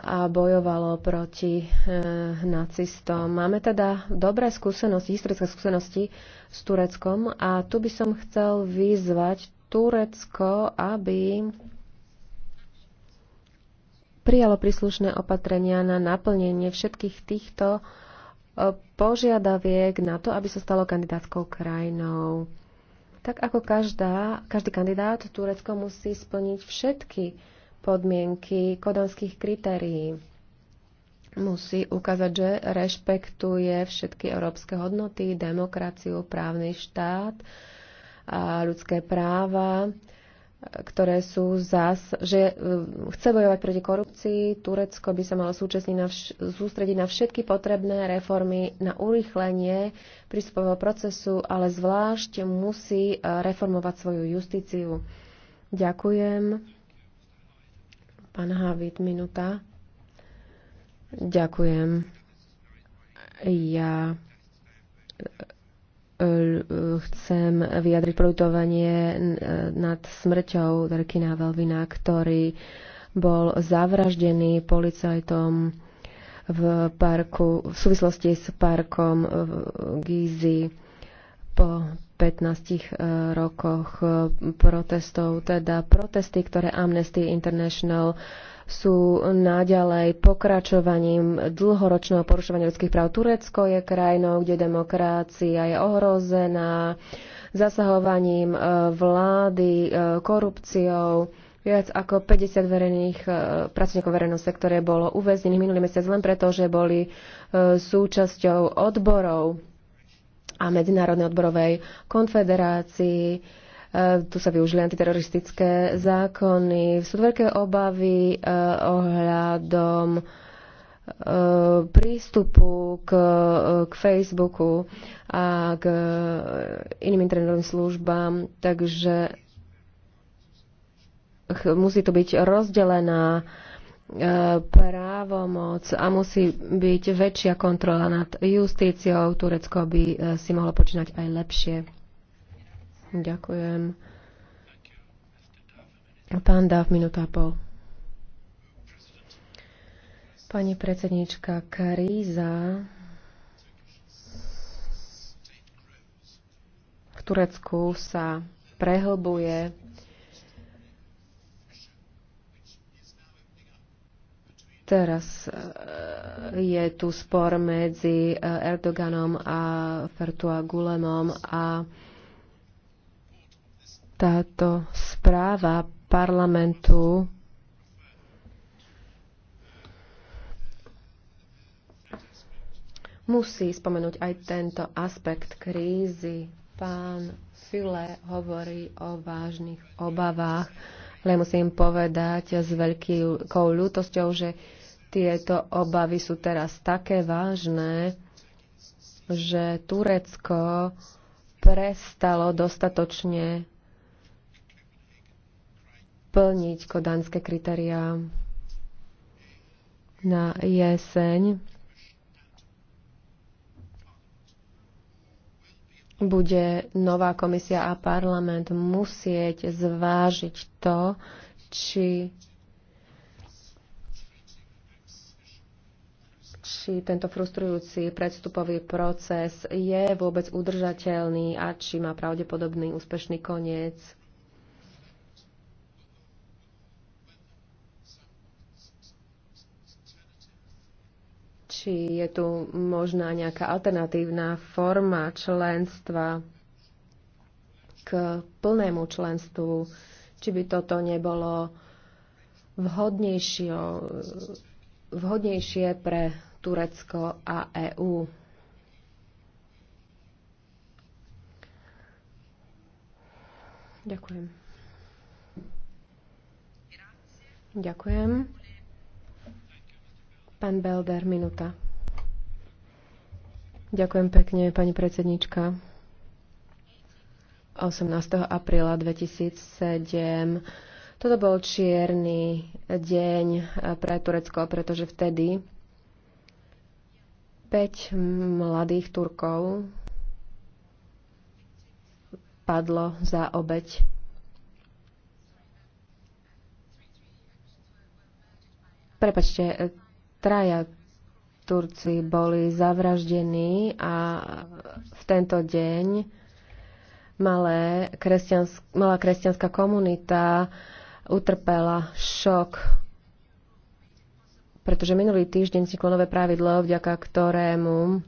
a bojovalo proti e, nacistom. Máme teda dobré skúsenosti, historické skúsenosti s Tureckom a tu by som chcel vyzvať Turecko, aby prijalo príslušné opatrenia na naplnenie všetkých týchto e, požiadaviek na to, aby sa stalo kandidátskou krajinou. Tak ako každá, každý kandidát, Turecko musí splniť všetky podmienky kodanských kritérií. Musí ukázať, že rešpektuje všetky európske hodnoty, demokraciu, právny štát a ľudské práva, ktoré sú zás, že e, chce bojovať proti korupcii. Turecko by sa malo súčasniť na vš- sústrediť na všetky potrebné reformy, na urýchlenie prístupového procesu, ale zvlášť musí e, reformovať svoju justíciu. Ďakujem. Pán Havit, minúta. Ďakujem. Ja e, chcem vyjadriť produtovanie nad smrťou Darkina Velvina, ktorý bol zavraždený policajtom v, parku, v súvislosti s parkom Gízy po 15 e, rokoch e, protestov, teda protesty, ktoré Amnesty International sú naďalej pokračovaním dlhoročného porušovania ľudských práv. Turecko je krajinou, kde demokrácia je ohrozená zasahovaním e, vlády, korupciou. Viac ako 50 verejných pracovníkov verejného sektore bolo uväznených minulý mesiac len preto, že boli súčasťou odborov a Medzinárodnej odborovej konfederácii. E, tu sa využili antiteroristické zákony. Sú veľké obavy e, ohľadom e, prístupu k, k Facebooku a k iným internetovým službám. Takže musí to byť rozdelená právomoc a musí byť väčšia kontrola nad justíciou. Turecko by e, si mohlo počínať aj lepšie. Ďakujem. Pán Dáv, minúta a pol. Pani predsednička, kríza v Turecku sa prehlbuje Teraz eh, je tu spor medzi eh, Erdoganom a Fertua Gulenom a táto správa parlamentu musí spomenúť aj tento aspekt krízy. Pán File hovorí o vážnych obavách, ale musím povedať s veľkou ľútosťou, že tieto obavy sú teraz také vážne, že Turecko prestalo dostatočne plniť kodanské kritériá na jeseň. Bude nová komisia a parlament musieť zvážiť to, či či tento frustrujúci predstupový proces je vôbec udržateľný a či má pravdepodobný úspešný koniec. Či je tu možná nejaká alternatívna forma členstva k plnému členstvu, či by toto nebolo vhodnejšie pre Turecko a EÚ. Ďakujem. Ďakujem. Pán Belder, minúta. Ďakujem pekne, pani predsednička. 18. apríla 2007. Toto bol čierny deň pre Turecko, pretože vtedy 5 mladých Turkov padlo za obeď Prepačte, traja Turci boli zavraždení a v tento deň malé kresťansk- malá kresťanská komunita utrpela šok pretože minulý týždeň si nové pravidlo, vďaka ktorému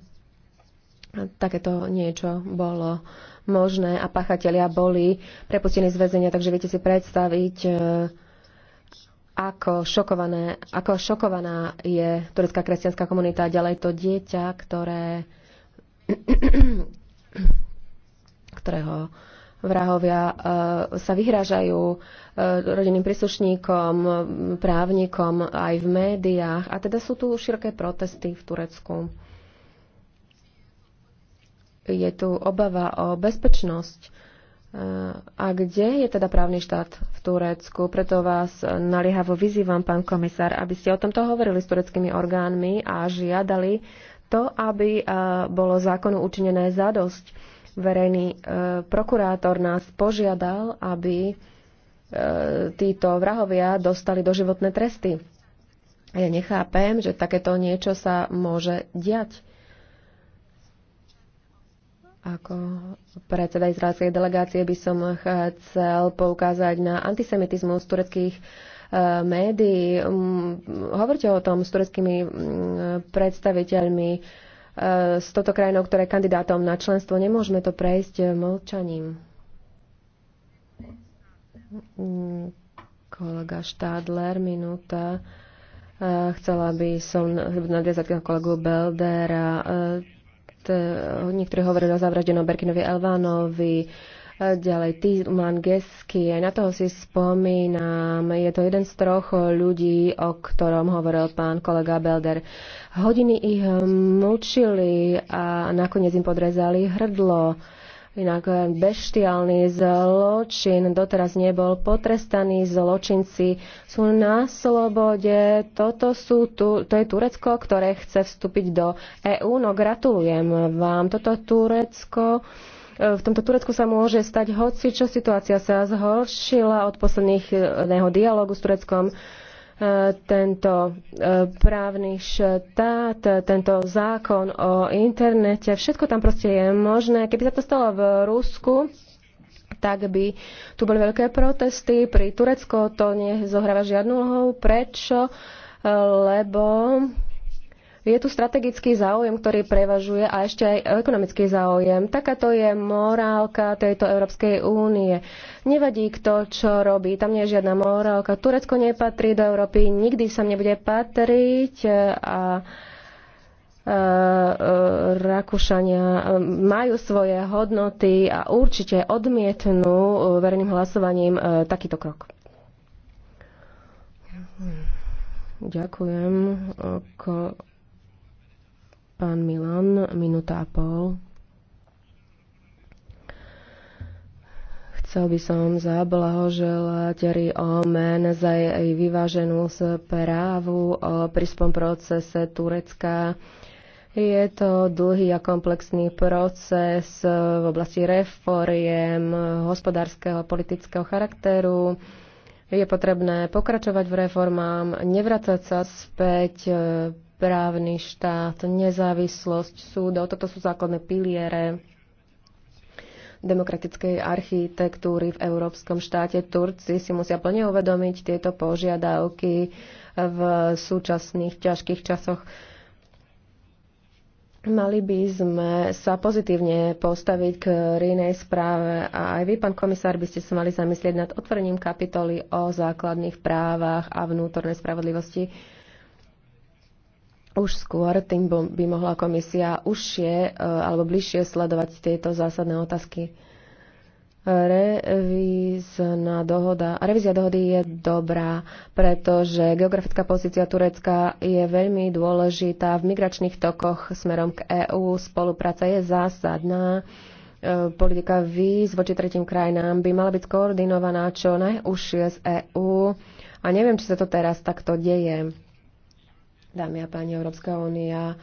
takéto niečo bolo možné a pachatelia boli prepustení z väzenia, takže viete si predstaviť, e, ako, šokované, ako šokovaná je turecká kresťanská komunita. Ďalej to dieťa, ktoré, ktorého vrahovia e, sa vyhražajú e, rodinným príslušníkom, právnikom aj v médiách. A teda sú tu široké protesty v Turecku. Je tu obava o bezpečnosť. E, a kde je teda právny štát v Turecku? Preto vás naliehavo vyzývam, pán komisár, aby ste o tomto hovorili s tureckými orgánmi a žiadali to, aby bolo zákonu učinené zadosť verejný e, prokurátor nás požiadal, aby e, títo vrahovia dostali doživotné tresty. A ja nechápem, že takéto niečo sa môže diať. Ako predseda izraelskej delegácie by som chcel poukázať na antisemitizmus tureckých e, médií. Hovorte o tom s tureckými predstaviteľmi s toto krajinou, ktoré je kandidátom na členstvo. Nemôžeme to prejsť eh, mlčaním. Kolega Štádler, minúta. Eh, chcela by som nadviazať na kolegu Beldera. Eh, niektorí hovorili o zavraždenom Berkinovi Elvánovi Ďalej, Tilman Gesky, aj na toho si spomínam. Je to jeden z troch ľudí, o ktorom hovoril pán kolega Belder. Hodiny ich mučili a nakoniec im podrezali hrdlo. Inak beštiálny zločin doteraz nebol potrestaný, zločinci sú na slobode. Toto sú tu, to je Turecko, ktoré chce vstúpiť do EÚ. No gratulujem vám. Toto Turecko v tomto Turecku sa môže stať hoci, čo situácia sa zhoršila od posledného dialogu s Tureckom. E, tento e, právny štát, tento zákon o internete, všetko tam proste je možné. Keby sa to stalo v Rusku, tak by tu boli veľké protesty. Pri Turecko to nezohráva žiadnu úlohu. Prečo? Lebo je tu strategický záujem, ktorý prevažuje a ešte aj ekonomický záujem. Takáto je morálka tejto Európskej únie. Nevadí kto, čo robí. Tam nie je žiadna morálka. Turecko nepatrí do Európy, nikdy sa nebude patriť a Rakúšania majú svoje hodnoty a určite odmietnú e, verejným hlasovaním e, takýto krok. Ďakujem. Ko- Pán Milan, minúta a pol. Chcel by som zablahoželať Ri Omen za jej vyváženú správu o prispom procese Turecka. Je to dlhý a komplexný proces v oblasti reforiem hospodárskeho a politického charakteru. Je potrebné pokračovať v reformám, nevracať sa späť, právny štát, nezávislosť súdov. Toto sú základné piliere demokratickej architektúry v európskom štáte. Turci si musia plne uvedomiť tieto požiadavky v súčasných ťažkých časoch. Mali by sme sa pozitívne postaviť k rínej správe a aj vy, pán komisár, by ste sa mali zamyslieť nad otvorením kapitoly o základných právach a vnútornej spravodlivosti už skôr, tým by mohla komisia užšie e, alebo bližšie sledovať tieto zásadné otázky. Revízna dohoda. Revízia dohody je dobrá, pretože geografická pozícia Turecka je veľmi dôležitá v migračných tokoch smerom k EÚ. Spolupráca je zásadná. E, politika víz voči tretím krajinám by mala byť skoordinovaná čo najúžšie z EÚ. A neviem, či sa to teraz takto deje Dámy a páni, Európska únia e,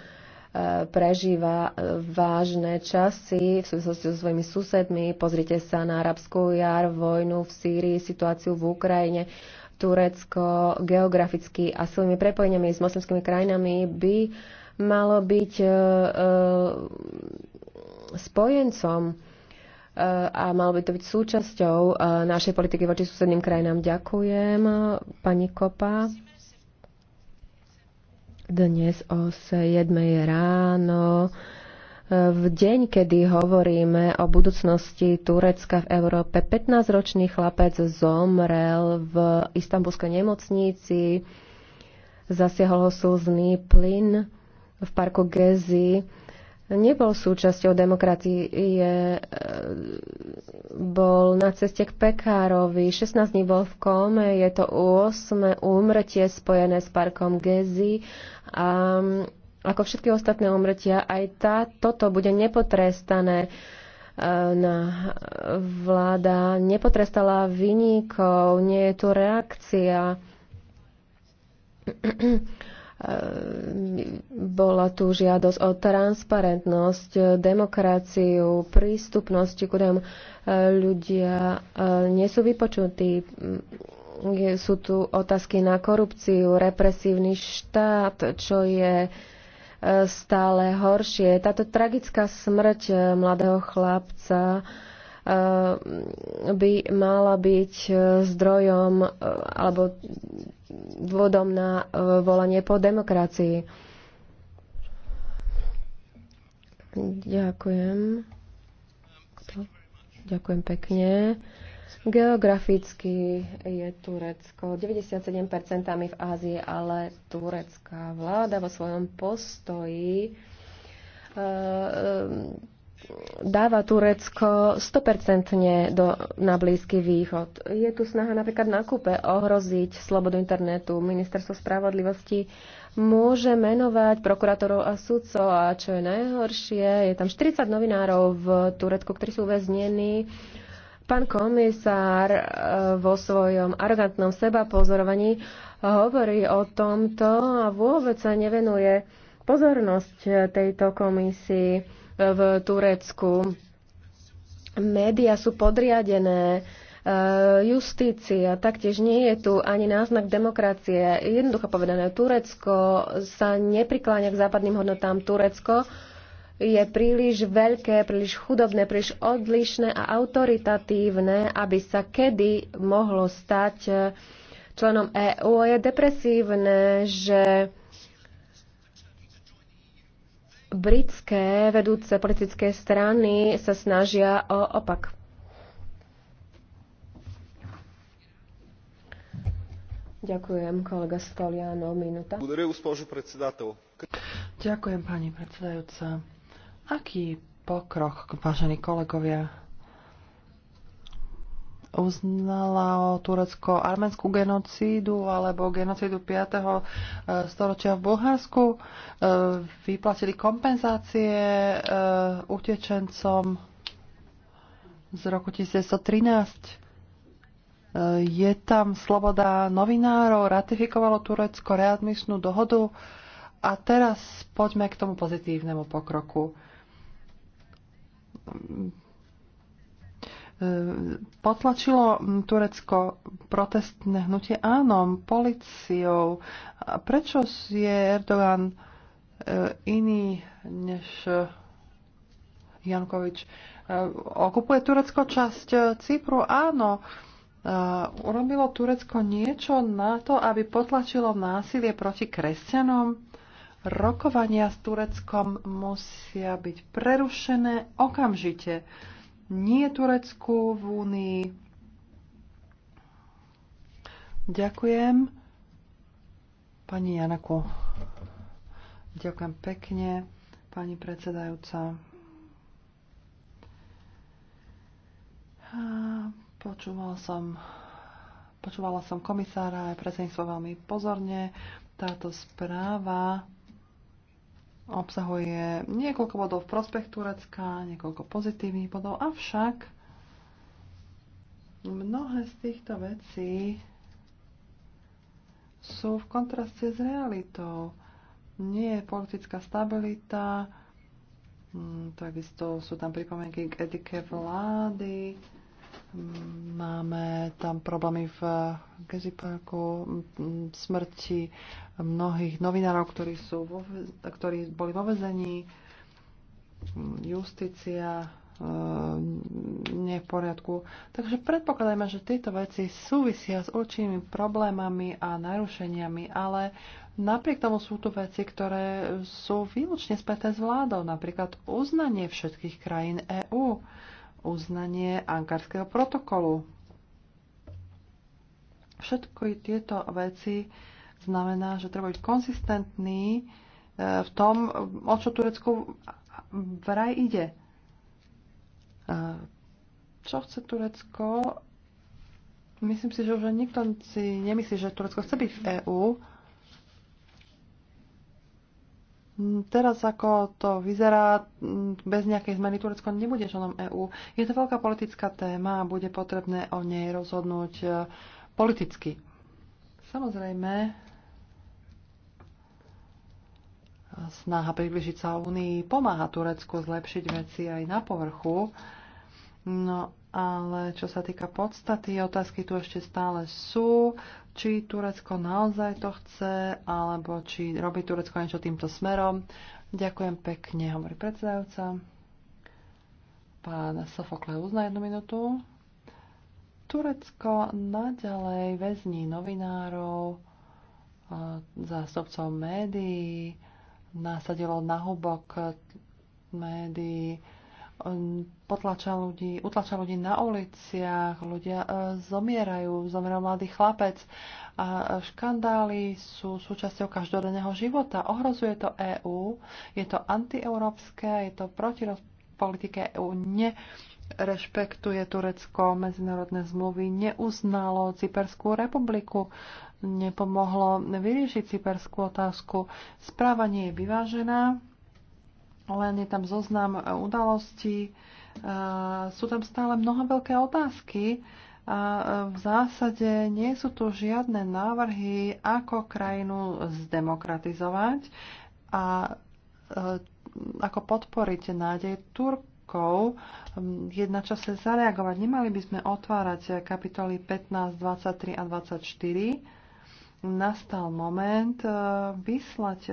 prežíva e, vážne časy v súvislosti so svojimi susedmi. Pozrite sa na arabskú jar, vojnu v Sýrii, situáciu v Ukrajine. Turecko geograficky a svojimi prepojeniami s moslimskými krajinami by malo byť e, spojencom a malo by to byť súčasťou našej politiky voči susedným krajinám. Ďakujem, pani Kopa dnes o 7 ráno v deň, kedy hovoríme o budúcnosti Turecka v Európe, 15-ročný chlapec zomrel v istambulskej nemocnici, zasiahol ho slzný plyn v parku Gezi. Nebol súčasťou demokracie, bol na ceste k pekárovi, 16 dní bol v kome, je to 8. úmrtie spojené s parkom Gezi a ako všetky ostatné umrtia, aj tá, toto bude nepotrestané. E, na vláda nepotrestala vynikov, nie je tu reakcia. E, bola tu žiadosť o transparentnosť, demokraciu, prístupnosť, kde ľudia e, nie sú vypočutí sú tu otázky na korupciu, represívny štát, čo je e, stále horšie. Táto tragická smrť e, mladého chlapca e, by mala byť zdrojom alebo dôvodom na volanie po demokracii. Ďakujem. Kto? Ďakujem pekne. Geograficky je Turecko 97% v Ázii, ale turecká vláda vo svojom postoji e, e, dáva Turecko 100% do, na Blízky východ. Je tu snaha napríklad na kúpe ohroziť slobodu internetu. Ministerstvo spravodlivosti môže menovať prokurátorov a sudcov a čo je najhoršie, je tam 40 novinárov v Turecku, ktorí sú väznení Pán komisár eh, vo svojom arogantnom seba pozorovaní eh, hovorí o tomto a vôbec sa nevenuje pozornosť eh, tejto komisii v Turecku. Média sú podriadené justícia, taktiež nie je tu ani náznak demokracie. Jednoducho povedané, Turecko sa neprikláňa k západným hodnotám. Turecko uh, je príliš veľké, príliš chudobné, príliš odlišné a autoritatívne, aby sa kedy mohlo stať e, členom EÚ. Je depresívne, že britské vedúce politické strany sa snažia o opak. Ďakujem, kolega Stoliano, minúta. Ďakujem, pani predsedajúca. Aký pokrok, vážení kolegovia? Uznala o Turecko arménskú genocídu alebo genocídu 5. E, storočia v Bulharsku. E, vyplatili kompenzácie e, utečencom z roku 1913. Je tam sloboda novinárov, ratifikovalo Turecko readmisnú dohodu a teraz poďme k tomu pozitívnemu pokroku E, potlačilo Turecko protestné hnutie áno, policiou. A prečo je Erdogan e, iný než e, Jankovič? Okupuje Turecko časť Cypru? Áno. Urobilo Turecko niečo na to, aby potlačilo násilie proti kresťanom? Rokovania s Tureckom musia byť prerušené okamžite. Nie Turecku v Únii. Ďakujem. Pani Janaku. Ďakujem pekne, pani predsedajúca. Počúvala som, počúvala som komisára aj predsedníctvo veľmi pozorne. Táto správa obsahuje niekoľko bodov v prospech Turecka, niekoľko pozitívnych bodov, avšak mnohé z týchto vecí sú v kontraste s realitou. Nie je politická stabilita, mm, takisto sú tam pripomienky k etike vlády, mm, Máme tam problémy v Gezi parku, mm, smrti mnohých novinárov, ktorí, sú vo, ktorí boli vo vezení, justícia e, nie v poriadku. Takže predpokladajme, že tieto veci súvisia s určitými problémami a narušeniami, ale napriek tomu sú tu veci, ktoré sú výlučne späté s vládou, napríklad uznanie všetkých krajín EÚ, uznanie ankarského protokolu. Všetko tieto veci znamená, že treba byť konsistentný e, v tom, o čo Turecku vraj ide. E, čo chce Turecko? Myslím si, že už nikto si nemyslí, že Turecko chce byť v EÚ. Teraz ako to vyzerá, bez nejakej zmeny Turecko nebude členom EÚ. Je to veľká politická téma a bude potrebné o nej rozhodnúť e, politicky. Samozrejme, snaha približiť sa Únii pomáha Turecku zlepšiť veci aj na povrchu. No ale čo sa týka podstaty, otázky tu ešte stále sú, či Turecko naozaj to chce, alebo či robí Turecko niečo týmto smerom. Ďakujem pekne, hovorí predsedajúca. Pán Sofokleus na jednu minútu. Turecko naďalej väzní novinárov, zástupcov médií, nasadilo na hubok médií, um, potlača ľudí, utlača ľudí na uliciach, ľudia uh, zomierajú, zomieral mladý chlapec a škandály sú súčasťou každodenného života. Ohrozuje to EÚ, je to antieurópske, je to proti politike EÚ, nerešpektuje Turecko medzinárodné zmluvy, neuznalo Cyperskú republiku, nepomohlo vyriešiť cyperskú otázku. Správa nie je vyvážená, len je tam zoznam udalostí. E, sú tam stále mnoho veľké otázky a e, v zásade nie sú tu žiadne návrhy, ako krajinu zdemokratizovať a e, ako podporiť nádej Turkov. Jedna čas sa zareagovať. Nemali by sme otvárať kapitoly 15, 23 a 24 nastal moment e, vyslať e,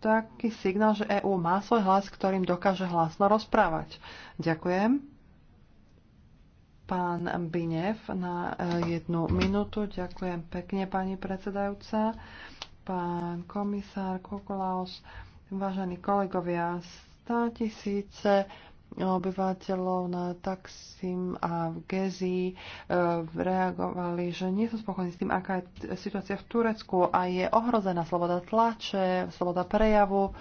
taký signál, že EU má svoj hlas, ktorým dokáže hlasno rozprávať. Ďakujem. Pán Binev na e, jednu minútu. Ďakujem pekne, pani predsedajúca. Pán komisár Kokolaus, vážení kolegovia, 100 tisíce obyvateľov na Taksim a v Gezi e, reagovali, že nie sú spokojní s tým, aká je situácia v Turecku a je ohrozená sloboda tlače, sloboda prejavu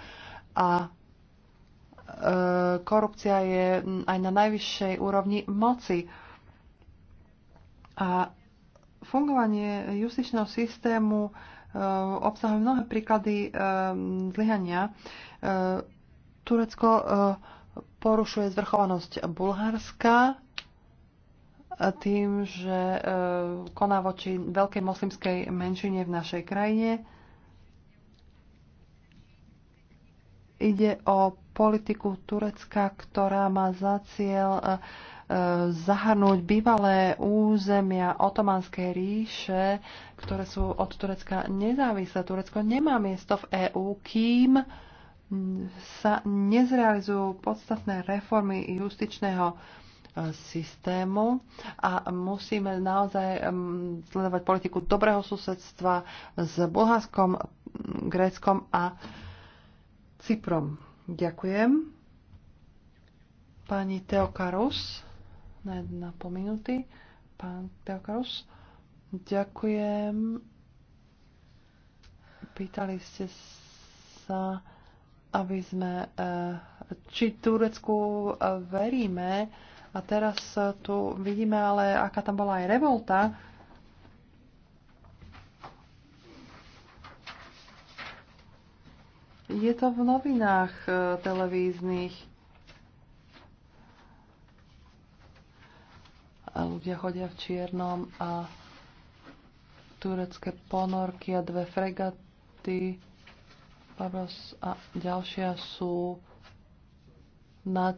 a e, korupcia je aj na najvyššej úrovni moci. A fungovanie justičného systému e, obsahuje mnohé príklady zlyhania. Turecko porušuje zvrchovanosť Bulharska tým, že e, koná voči veľkej moslimskej menšine v našej krajine. Ide o politiku Turecka, ktorá má za cieľ e, e, zahrnúť bývalé územia Otomanskej ríše, ktoré sú od Turecka nezávislé. Turecko nemá miesto v EÚ, kým sa nezrealizujú podstatné reformy justičného e, systému a musíme naozaj mm, sledovať politiku dobrého susedstva s Bulharskom, Gréckom a Cyprom. Ďakujem. Pani Teokarus, na jedna po minúty. Pán Teokarus, ďakujem. Pýtali ste sa aby sme, eh, či Turecku eh, veríme, a teraz eh, tu vidíme ale, aká tam bola aj revolta, Je to v novinách televíznych. A ľudia chodia v čiernom a turecké ponorky a dve fregaty Pavlos a ďalšia sú na,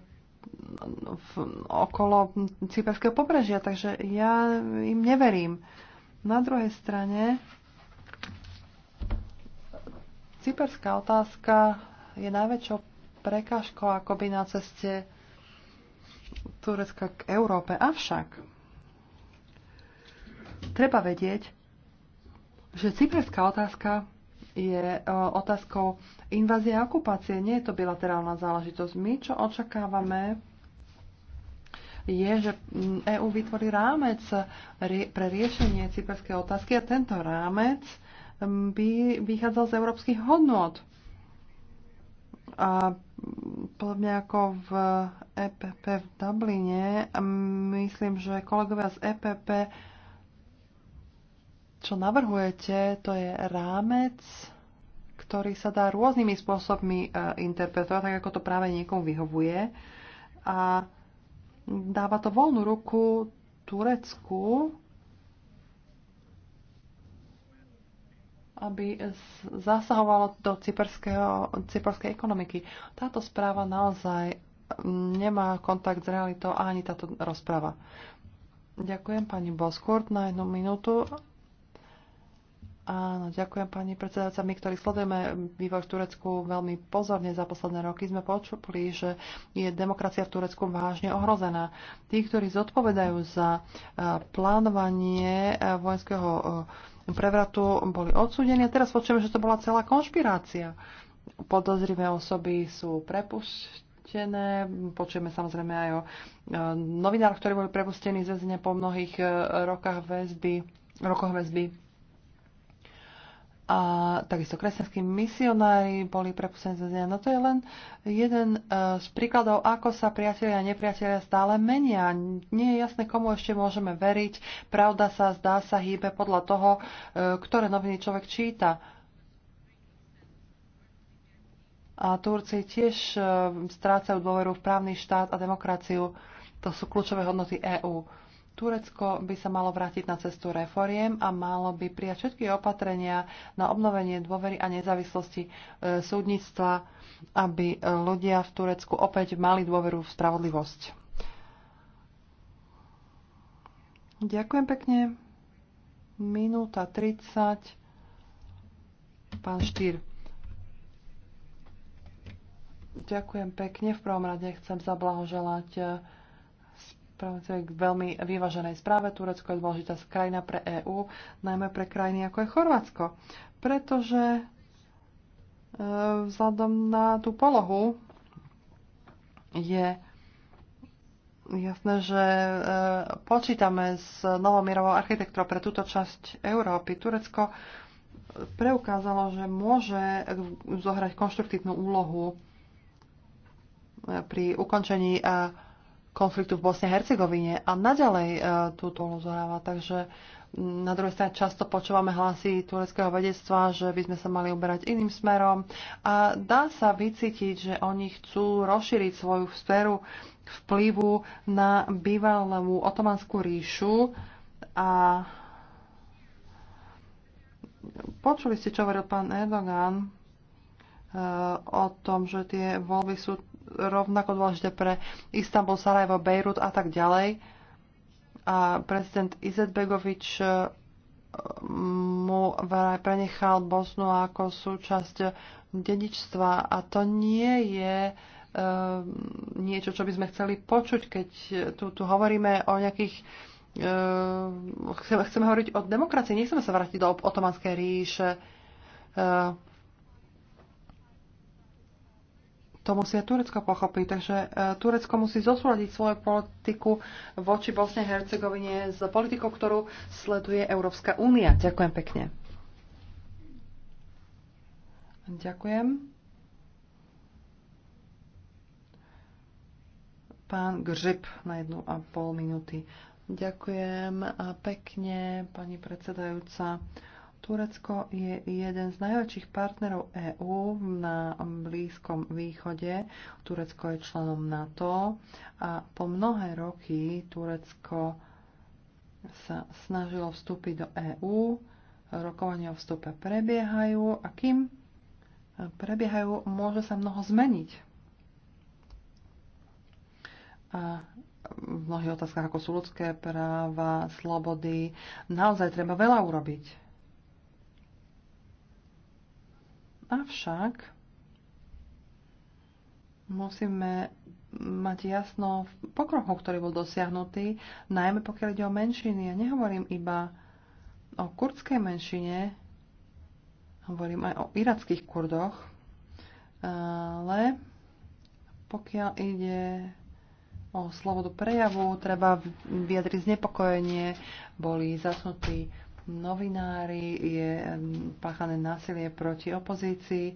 v, okolo cyperského pobrežia, takže ja im neverím. Na druhej strane cyperská otázka je najväčšou prekážkou akoby na ceste Turecka k Európe. Avšak treba vedieť, že cyperská otázka je e, otázkou invázie a okupácie. Nie je to bilaterálna záležitosť. My, čo očakávame, je, že EÚ vytvorí rámec pre riešenie cyperskej otázky a tento rámec by vychádzal z európskych hodnot. A podľa mňa ako v EPP v Dubline, myslím, že kolegovia z EPP čo navrhujete, to je rámec, ktorý sa dá rôznymi spôsobmi e, interpretovať, tak ako to práve niekomu vyhovuje. A dáva to voľnú ruku Turecku, aby zasahovalo do cyperskej ekonomiky. Táto správa naozaj nemá kontakt s realitou ani táto rozprava. Ďakujem pani Boskurt na jednu minútu. Áno, ďakujem pani predsedajúca. My, ktorí sledujeme vývoj v Turecku veľmi pozorne za posledné roky, sme počuli, že je demokracia v Turecku vážne ohrozená. Tí, ktorí zodpovedajú za e, plánovanie e, vojenského e, prevratu, boli odsúdení a teraz počujeme, že to bola celá konšpirácia. Podozrivé osoby sú prepušť prepustené. Počujeme samozrejme aj o novinároch, ktorí boli prepustení z väzenia po mnohých rokoch väzby. Rokoch väzby a takisto kresťanskí misionári boli prepustení z väzenia. No to je len jeden e, z príkladov, ako sa priatelia a nepriatelia stále menia. Nie je jasné, komu ešte môžeme veriť. Pravda sa zdá sa hýbe podľa toho, e, ktoré noviny človek číta. A Turci tiež e, strácajú dôveru v právny štát a demokraciu. To sú kľúčové hodnoty EÚ. Turecko by sa malo vrátiť na cestu reforiem a malo by prijať všetky opatrenia na obnovenie dôvery a nezávislosti e, súdnictva, aby e, ľudia v Turecku opäť mali dôveru v spravodlivosť. Ďakujem pekne. Minúta 30. Pán Štýr. Ďakujem pekne. V prvom rade chcem zablahoželať e, k veľmi vyvaženej správe. Turecko je dôležitá krajina pre EÚ, najmä pre krajiny ako je Chorvátsko. Pretože e, vzhľadom na tú polohu je jasné, že e, počítame s novou architektúrou pre túto časť Európy. Turecko preukázalo, že môže zohrať konštruktívnu úlohu pri ukončení a konfliktu v Bosne a Hercegovine a naďalej e, túto úlohu zohráva. Takže m, mm, na druhej strane často počúvame hlasy tureckého vedectva, že by sme sa mali uberať iným smerom a dá sa vycítiť, že oni chcú rozšíriť svoju sféru vplyvu na bývalú otomanskú ríšu a počuli ste, čo hovoril pán Erdogan e, o tom, že tie voľby sú rovnako dôležité pre Istanbul, Sarajevo, Beirut a tak ďalej. A prezident Izetbegovič eh, mu prenechal Bosnu ako súčasť dedičstva a to nie je eh, niečo, čo by sme chceli počuť, keď tu, tu hovoríme o nejakých eh, chceme, chceme hovoriť o demokracii, nechceme sa vrátiť do otomanskej ríše. to musia Turecko pochopiť. Takže e, Turecko musí zosúľadiť svoju politiku voči Bosne Hercegovine s politikou, ktorú sleduje Európska únia. Ďakujem pekne. Ďakujem. Pán Gržip na jednu a pol minúty. Ďakujem pekne, pani predsedajúca. Turecko je jeden z najväčších partnerov EÚ na Blízkom východe. Turecko je členom NATO a po mnohé roky Turecko sa snažilo vstúpiť do EÚ. Rokovania o vstupe prebiehajú a kým prebiehajú, môže sa mnoho zmeniť. A v mnohých otázkach, ako sú ľudské práva, slobody, naozaj treba veľa urobiť Avšak musíme mať jasno v pokroku, ktorý bol dosiahnutý, najmä pokiaľ ide o menšiny. Ja nehovorím iba o kurdskej menšine, hovorím aj o irackých kurdoch, ale pokiaľ ide o slobodu prejavu, treba vyjadriť znepokojenie, boli zasnutí novinári, je páchané násilie proti opozícii.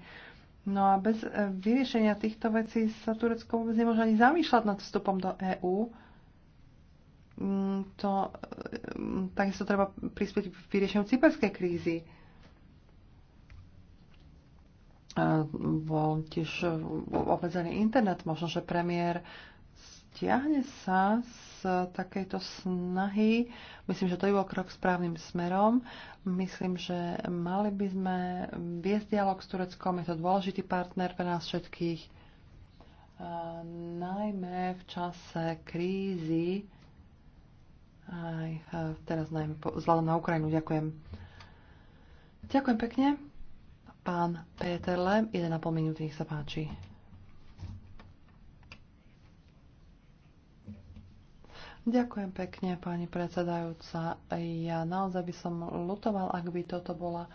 No a bez eh, vyriešenia týchto vecí sa Turecko vôbec nemôže ani zamýšľať nad vstupom do EÚ. Mm, to, eh, takisto treba prispieť k vyriešeniu cyperskej krízy. Bol tiež eh, obmedzený internet, možno, že premiér ťahne sa z takejto snahy. Myslím, že to je bol krok správnym smerom. Myslím, že mali by sme viesť dialog s Tureckom. Je to dôležitý partner pre nás všetkých. A najmä v čase krízy, aj teraz najmä vzhľadom na Ukrajinu. Ďakujem. Ďakujem pekne. Pán Peterle, 1,5 minúty, nech sa páči. Ďakujem pekne, pani predsedajúca. Ja naozaj by som lutoval, ak by toto bola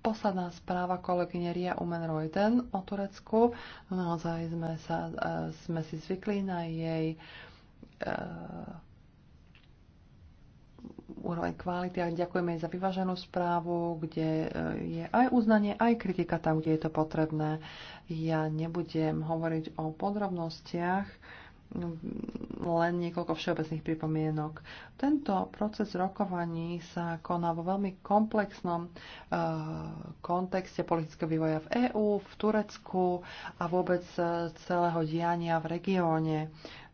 posledná správa kolegyne Ria Umenrojten o Turecku. Naozaj sme, sa, e, sme si zvykli na jej e, úroveň kvality a ďakujeme jej za vyváženú správu, kde e, je aj uznanie, aj kritika tam, kde je to potrebné. Ja nebudem hovoriť o podrobnostiach, len niekoľko všeobecných pripomienok. Tento proces rokovaní sa koná vo veľmi komplexnom e, kontexte politického vývoja v EÚ, v Turecku a vôbec e, celého diania v regióne.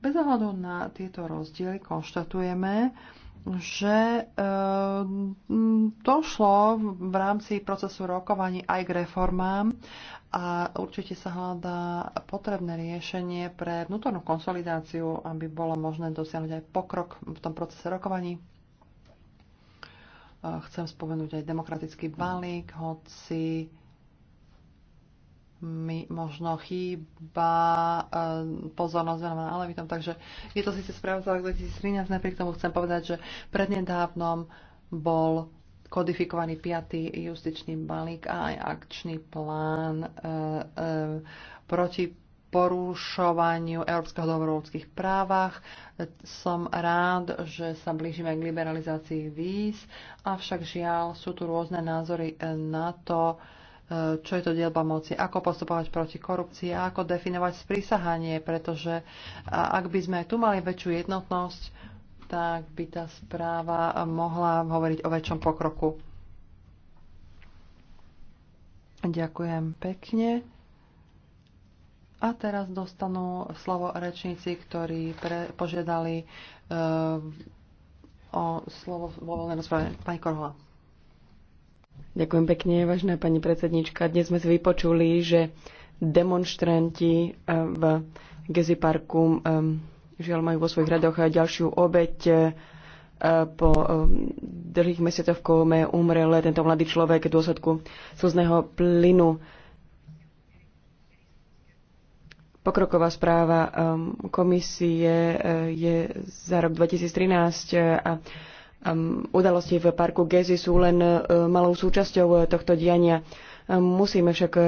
Bez ohľadu na tieto rozdiely konštatujeme, že došlo eh, v rámci procesu rokovaní aj k reformám a určite sa hľadá potrebné riešenie pre vnútornú konsolidáciu, aby bolo možné dosiahnuť aj pokrok v tom procese rokovaní. Eh, chcem spomenúť aj demokratický balík, hoci mi možno chýba eh, pozornosť venovaná Alevitom. Takže je to síce správa za rok 2013, napriek tomu chcem povedať, že prednedávnom bol kodifikovaný 5. justičný balík a aj akčný plán e, e, proti porušovaniu Európskeho dohovoru o ľudských právach. Som rád, že sa blížime k liberalizácii víz, avšak žiaľ sú tu rôzne názory na to, e, čo je to dielba moci, ako postupovať proti korupcii a ako definovať sprísahanie, pretože ak by sme tu mali väčšiu jednotnosť, tak by tá správa mohla hovoriť o väčšom pokroku. Ďakujem pekne. A teraz dostanú slovo rečníci, ktorí pre, požiadali uh, o slovo vo voľnej rozprave. Pani Korhola. Ďakujem pekne, vážna pani predsednička. Dnes sme si vypočuli, že demonstranti eh, v Gezi parku eh, žiaľ majú vo svojich radoch ďalšiu obeď. Eh, po dlhých mesiacoch v Kome umrel tento mladý človek v dôsledku slzného plynu. Pokroková správa komisie je za rok 2013 a udalosti v parku Gezi sú len e, malou súčasťou e, tohto diania. Musíme však e,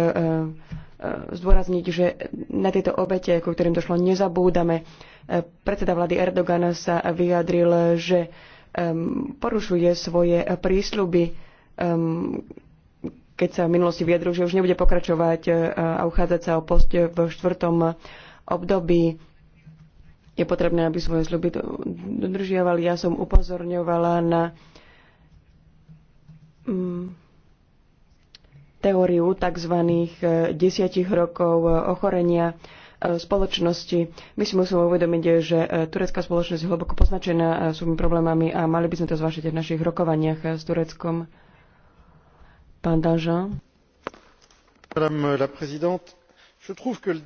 zdôrazniť, že na tieto obete, ku ktorým došlo, nezabúdame. Predseda vlády Erdogan sa vyjadril, že porušuje svoje prísľuby, keď sa v minulosti vyjadril, že už nebude pokračovať a uchádzať sa o post v štvrtom období je potrebné, aby svoje sluby dodržiavali. Ja som upozorňovala na mm, teóriu tzv. E, desiatich rokov e, ochorenia e, spoločnosti. My si musíme uvedomiť, že turecká spoločnosť je hlboko poznačená svojimi problémami a mali by sme to zvážiť v našich rokovaniach s Tureckom. Pán Dažan. Madame la présidente, je trouve que le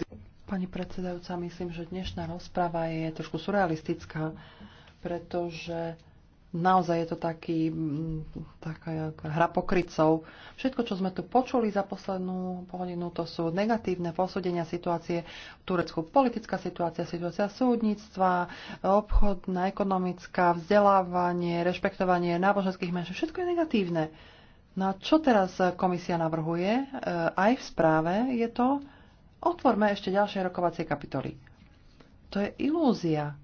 Pani predsedajúca, myslím, že dnešná rozprava je trošku surrealistická, pretože naozaj je to taký, mm, taká hra pokrycov. Všetko, čo sme tu počuli za poslednú hodinu, to sú negatívne posúdenia situácie v Turecku. Politická situácia, situácia súdnictva, obchodná, ekonomická, vzdelávanie, rešpektovanie náboženských menšín, všetko je negatívne. No a čo teraz komisia navrhuje? E, aj v správe je to, otvorme ešte ďalšie rokovacie kapitoly. To je ilúzia,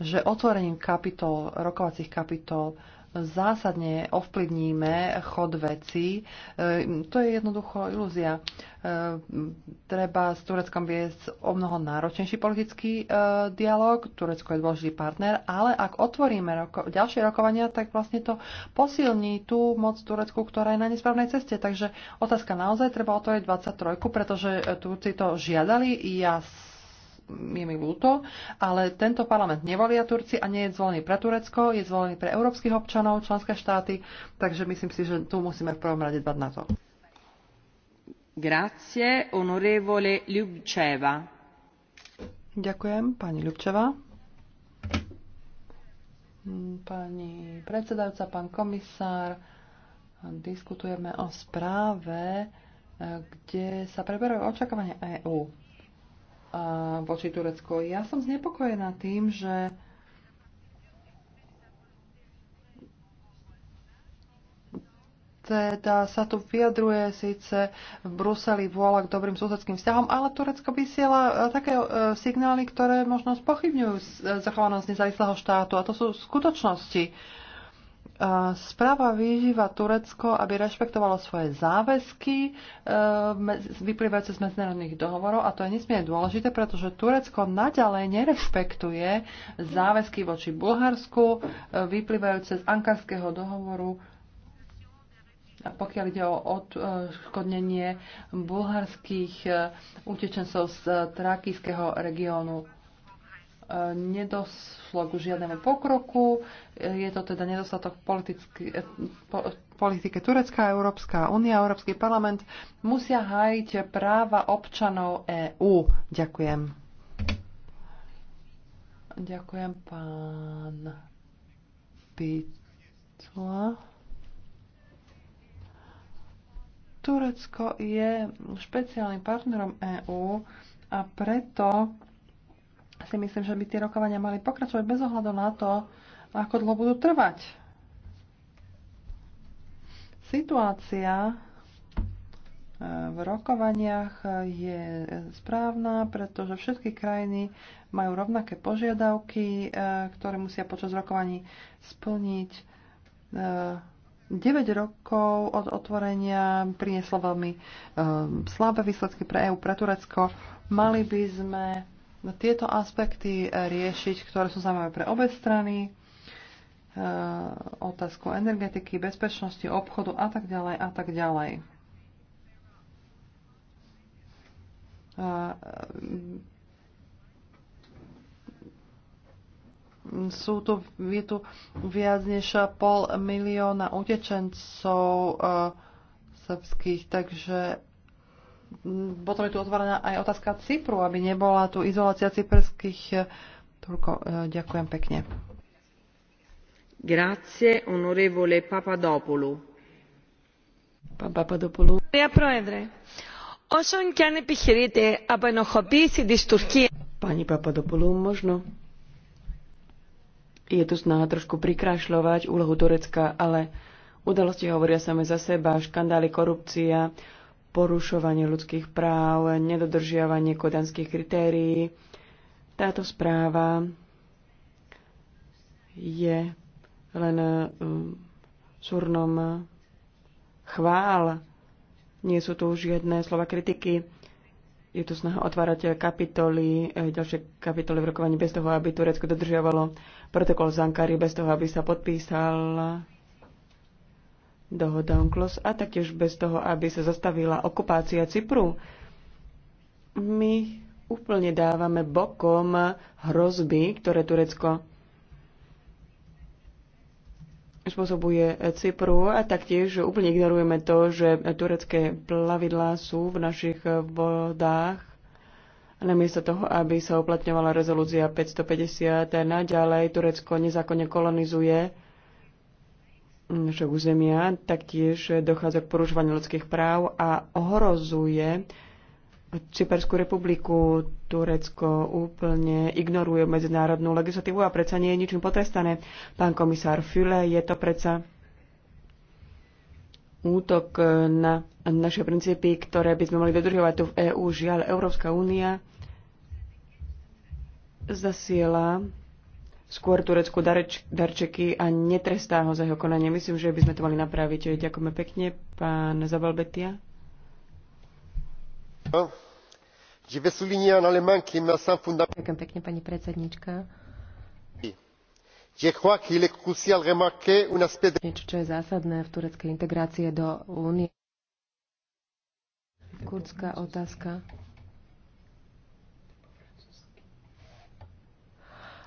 že otvorením kapitol, rokovacích kapitol zásadne ovplyvníme chod veci. E, to je jednoducho ilúzia. E, treba s Tureckom viesť o mnoho náročnejší politický e, dialog. Turecko je dôležitý partner, ale ak otvoríme roko- ďalšie rokovania, tak vlastne to posilní tú moc Turecku, ktorá je na nesprávnej ceste. Takže otázka naozaj treba otvoriť 23, pretože Turci to žiadali. Ja je mi ľúto, ale tento parlament nevolia Turci a nie je zvolený pre Turecko, je zvolený pre európskych občanov, členské štáty, takže myslím si, že tu musíme v prvom rade dbať na to. Grazie, onorevole Ljubčeva. Ďakujem, pani Ľubčeva. Pani predsedajúca, pán komisár, diskutujeme o správe, kde sa preberajú očakávania EÚ voči Turecku. Ja som znepokojená tým, že teda sa tu vyjadruje síce v Bruseli vôľa k dobrým susedským vzťahom, ale Turecko vysiela e, také e, signály, ktoré možno spochybňujú e, zachovanosť nezávislého štátu. A to sú skutočnosti. Uh, Správa vyžíva Turecko, aby rešpektovalo svoje záväzky e, vyplývajúce z medzinárodných dohovorov a to je nesmierne dôležité, pretože Turecko naďalej nerešpektuje záväzky voči Bulharsku e, vyplývajúce z Ankarského dohovoru a pokiaľ ide o odškodnenie bulharských e, utečencov z trakijského regiónu nedoslo k žiadnemu pokroku. Je to teda nedostatok politicky, eh, po, politike Turecká, Európska únia, Európsky parlament. Musia hájiť práva občanov EÚ. Ďakujem. Ďakujem, pán Pitla. Turecko je špeciálnym partnerom EÚ a preto si myslím, že by tie rokovania mali pokračovať bez ohľadu na to, ako dlho budú trvať. Situácia e, v rokovaniach je správna, pretože všetky krajiny majú rovnaké požiadavky, e, ktoré musia počas rokovaní splniť. 9 e, rokov od otvorenia prinieslo veľmi slabé výsledky pre EÚ, pre Turecko. Mali by sme tieto aspekty eh, riešiť, ktoré sú zaujímavé pre obe strany, eh, otázku energetiky, bezpečnosti, obchodu a tak ďalej a tak ďalej. Eh, sú tu, je tu viac než pol milióna utečencov srbských, takže potom je tu otvorená aj otázka Cypru, aby nebola tu izolácia cyperských Turko. E, ďakujem pekne. Grazie, onorevole Papadopoulou. Pán Papadopoulou. Ja proedre. osoň και nepichirite, aby από ενοχοποίηση της Τουρκίας... Pani Papadopoulou, možno je tu snaha trošku prikrašľovať úlohu Turecka, ale udalosti hovoria same za seba, škandály, korupcia, porušovanie ľudských práv, nedodržiavanie kodanských kritérií. Táto správa je len súrnom um, chvál. Nie sú tu už žiadne slova kritiky. Je tu snaha otvárať kapitoly, eh, ďalšie kapitoly v rokovaní bez toho, aby Turecko dodržiavalo protokol z Ankary, bez toho, aby sa podpísal dohoda UNCLOS a taktiež bez toho, aby sa zastavila okupácia Cypru. My úplne dávame bokom hrozby, ktoré Turecko spôsobuje Cypru a taktiež úplne ignorujeme to, že turecké plavidlá sú v našich vodách. Namiesto toho, aby sa uplatňovala rezolúcia 550, naďalej Turecko nezákonne kolonizuje že územia, taktiež dochádza k porušovaniu ľudských práv a ohrozuje Cyperskú republiku. Turecko úplne ignoruje medzinárodnú legislatívu a predsa nie je ničím potrestané. Pán komisár Füle, je to predsa útok na naše princípy, ktoré by sme mali dodržovať tu v EÚ. Žiaľ, Európska únia zasiela skôr Turecku dareč, darčeky a netrestá ho za jeho konanie. Myslím, že by sme to mali napraviť. Ďakujeme pekne, pán Zabalbetia. Ďakujem pekne, pani predsednička. Niečo, čo je zásadné v tureckej integrácie do únie. Kurdská otázka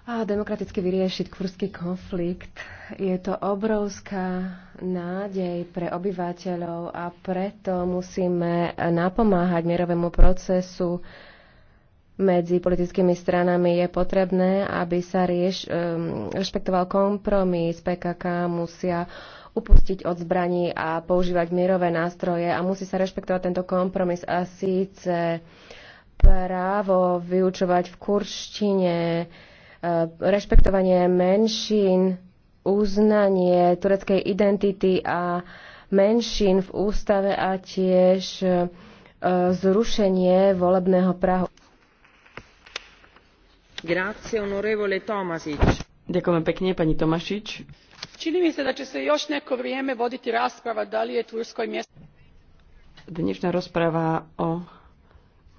a demokraticky vyriešiť kurský konflikt. Je to obrovská nádej pre obyvateľov a preto musíme napomáhať mierovému procesu medzi politickými stranami je potrebné, aby sa rieš, um, rešpektoval kompromis. PKK musia upustiť od zbraní a používať mierové nástroje a musí sa rešpektovať tento kompromis a síce právo vyučovať v kurštine, Eh, rešpektovanie menšín, uznanie tureckej identity a menšín v ústave a tiež eh, zrušenie volebného prahu. Grazie, onorevole Tomasic. Ďakujem pekne, pani Tomašič. Čini mi sa, da će se još neko vrijeme voditi rasprava da li je Turskoj mjesto... Dnešná rozprava o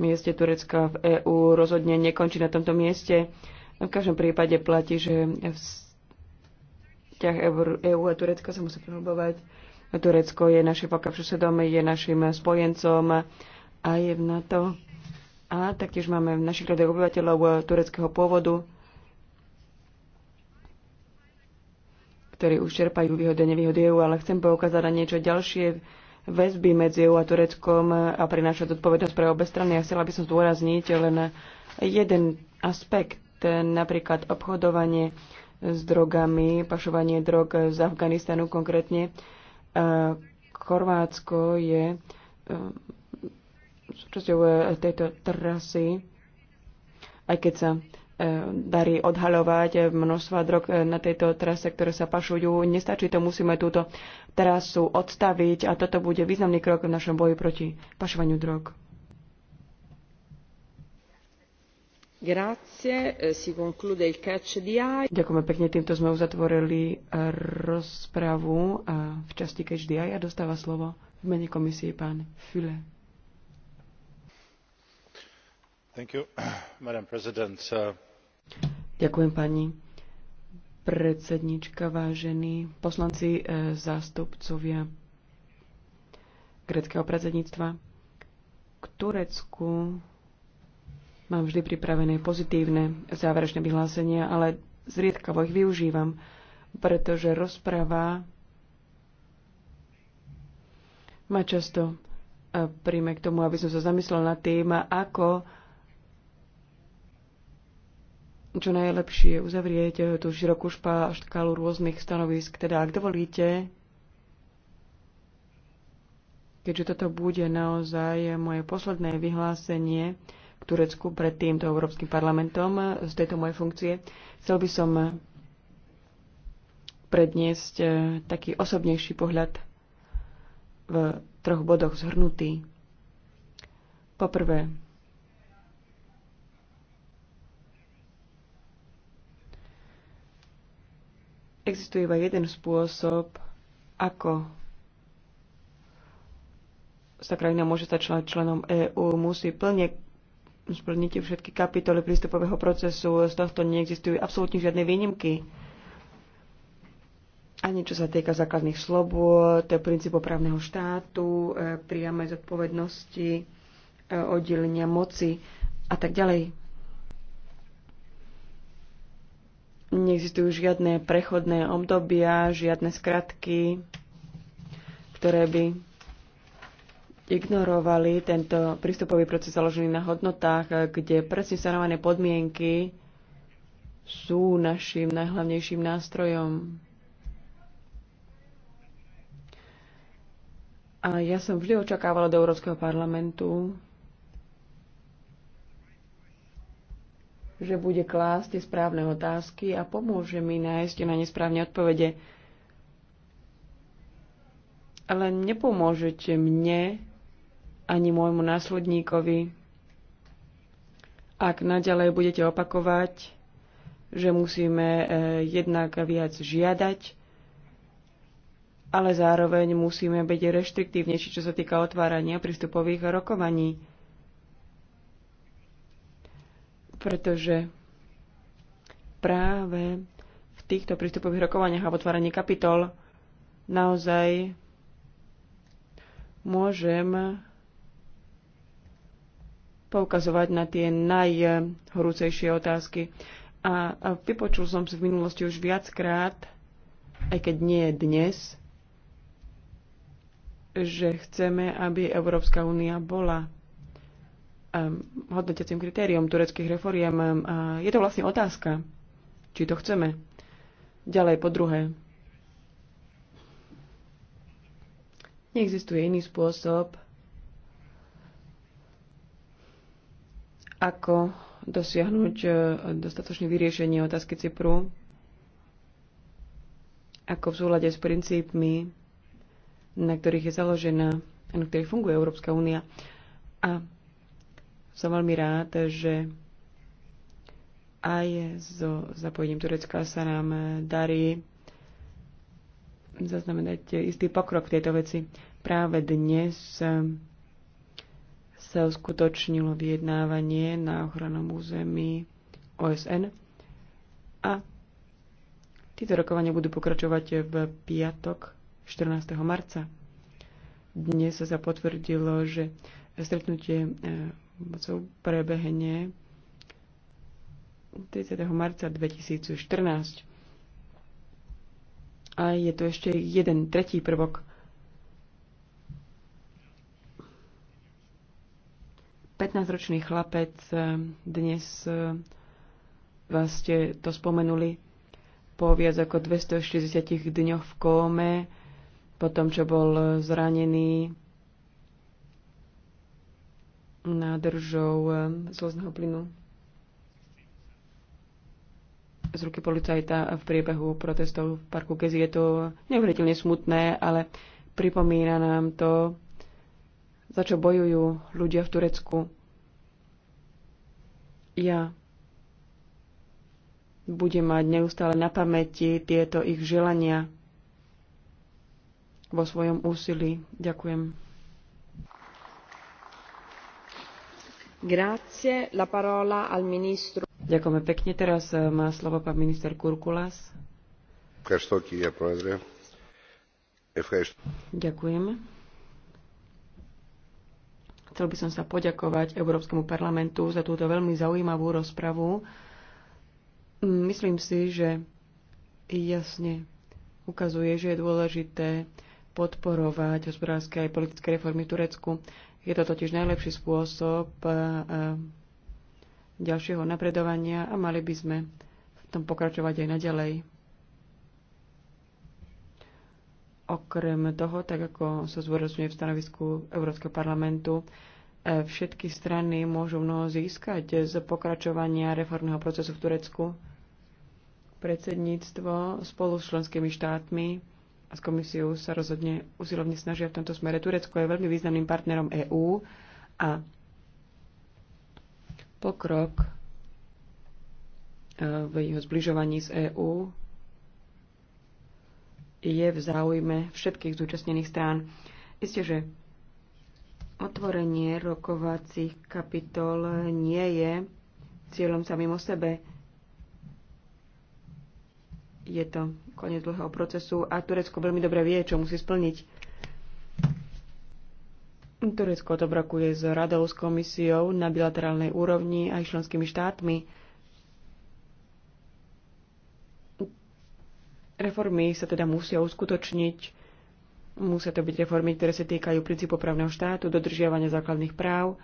mieste Turecka v EÚ rozhodne nekončí na tomto mieste. V každom prípade platí, že vzťah EÚ e a Turecka sa musí prehlbovať. Turecko je našim pokrok susedom, je našim spojencom a je v NATO. A taktiež máme v našich radech obyvateľov tureckého pôvodu, ktorí už čerpajú výhody a nevýhody EU, ale chcem poukázať na niečo ďalšie väzby medzi EU a Tureckom a prináša odpovednosť pre obe strany. Ja chcela by som zdôrazniť len jeden aspekt napríklad obchodovanie s drogami, pašovanie drog z Afganistanu konkrétne. E, Chorvátsko je e, súčasťou e, tejto trasy, aj keď sa darí odhalovať množstva drog na tejto trase, ktoré sa pašujú. Nestačí to, musíme túto trasu odstaviť a toto bude významný krok v našom boji proti pašovaniu drog. Eh, Ďakujeme pekne, týmto sme uzatvorili eh, rozpravu eh, v časti Catch the a dostáva slovo v mene komisie pán File. Uh, Ďakujem pani predsednička, vážení poslanci, zástupcovia greckého predsedníctva. K Turecku Mám vždy pripravené pozitívne záverečné vyhlásenia, ale zriedkavo ich využívam, pretože rozprava ma často e, príjme k tomu, aby som sa zamyslel nad tým, ako čo najlepšie uzavrieť e, tú širokú škálu rôznych stanovisk. Teda, ak dovolíte, keďže toto bude naozaj moje posledné vyhlásenie, Turecku pred týmto Európskym parlamentom eh, z tejto mojej funkcie. Chcel by som eh, predniesť eh, taký osobnejší pohľad v troch bodoch zhrnutý. Poprvé, existuje iba jeden spôsob, ako sa krajina môže stať členom EÚ, musí plne splníte všetky kapitoly prístupového procesu, z tohto neexistujú absolútne žiadne výnimky. Ani čo sa týka základných slobôd, princípov právneho štátu, e, priamej zodpovednosti, e, oddelenia moci a tak ďalej. Neexistujú žiadne prechodné obdobia, žiadne skratky, ktoré by ignorovali tento prístupový proces založený na hodnotách, kde presne stanovené podmienky sú našim najhlavnejším nástrojom. A ja som vždy očakávala do Európskeho parlamentu, že bude klásť tie správne otázky a pomôže mi nájsť na nesprávne odpovede. Ale nepomôžete mne ani môjmu následníkovi, ak naďalej budete opakovať, že musíme e, jednak viac žiadať, ale zároveň musíme byť reštriktívnejší, čo sa týka otvárania prístupových rokovaní. Pretože práve v týchto prístupových rokovaniach a otváraní kapitol naozaj môžem poukazovať na tie najhorúcejšie otázky. A vypočul som si v minulosti už viackrát, aj keď nie dnes, že chceme, aby Európska únia bola um, hodnotiacim kritériom tureckých reforiem. Um, je to vlastne otázka, či to chceme. Ďalej, po druhé. Neexistuje iný spôsob, ako dosiahnuť e, dostatočné vyriešenie otázky Cypru, ako v súlade s princípmi, na ktorých je založená a na ktorých funguje Európska únia. A som veľmi rád, že aj so zapojením Turecka sa nám darí zaznamenať istý pokrok v tejto veci. Práve dnes sa uskutočnilo vyjednávanie na ochranom území OSN a tieto rokovania budú pokračovať v piatok 14. marca. Dnes sa potvrdilo, že stretnutie e, mocov prebehne 30. marca 2014. A je tu ešte jeden tretí prvok, 15-ročný chlapec, eh, dnes eh, vás ste to spomenuli, po viac ako 260 dňoch v kóme, po tom, čo bol eh, zranený nádržou slzného plynu z ruky policajta v priebehu protestov v parku Kezi. Je to neuveriteľne smutné, ale pripomína nám to, za čo bojujú ľudia v Turecku. Ja budem mať neustále na pamäti tieto ich želania vo svojom úsilí. Ďakujem. Grazie. La parola al ministro. Ďakujeme pekne. Teraz eh, má slovo pán minister Kurkulas. Ďakujem. Chcel by som sa poďakovať Európskemu parlamentu za túto veľmi zaujímavú rozpravu. Myslím si, že jasne ukazuje, že je dôležité podporovať hospodárske aj politické reformy v Turecku. Je to totiž najlepší spôsob e, ďalšieho napredovania a mali by sme v tom pokračovať aj naďalej. Okrem toho, tak ako sa zvorazňuje v stanovisku Európskeho parlamentu, e, všetky strany môžu mnoho získať z pokračovania reformného procesu v Turecku. Predsedníctvo spolu s členskými štátmi a s komisiou sa rozhodne usilovne snažia v tomto smere. Turecko je veľmi významným partnerom EÚ a pokrok e, v jeho zbližovaní z EÚ je v záujme všetkých zúčastnených strán. Isté, že otvorenie rokovacích kapitol nie je cieľom samým o sebe. Je to koniec dlhého procesu a Turecko veľmi dobre vie, čo musí splniť. Turecko to brakuje s radou, s komisiou na bilaterálnej úrovni aj členskými štátmi Reformy sa teda musia uskutočniť. Musia to byť reformy, ktoré sa týkajú princípu právneho štátu, dodržiavania základných práv,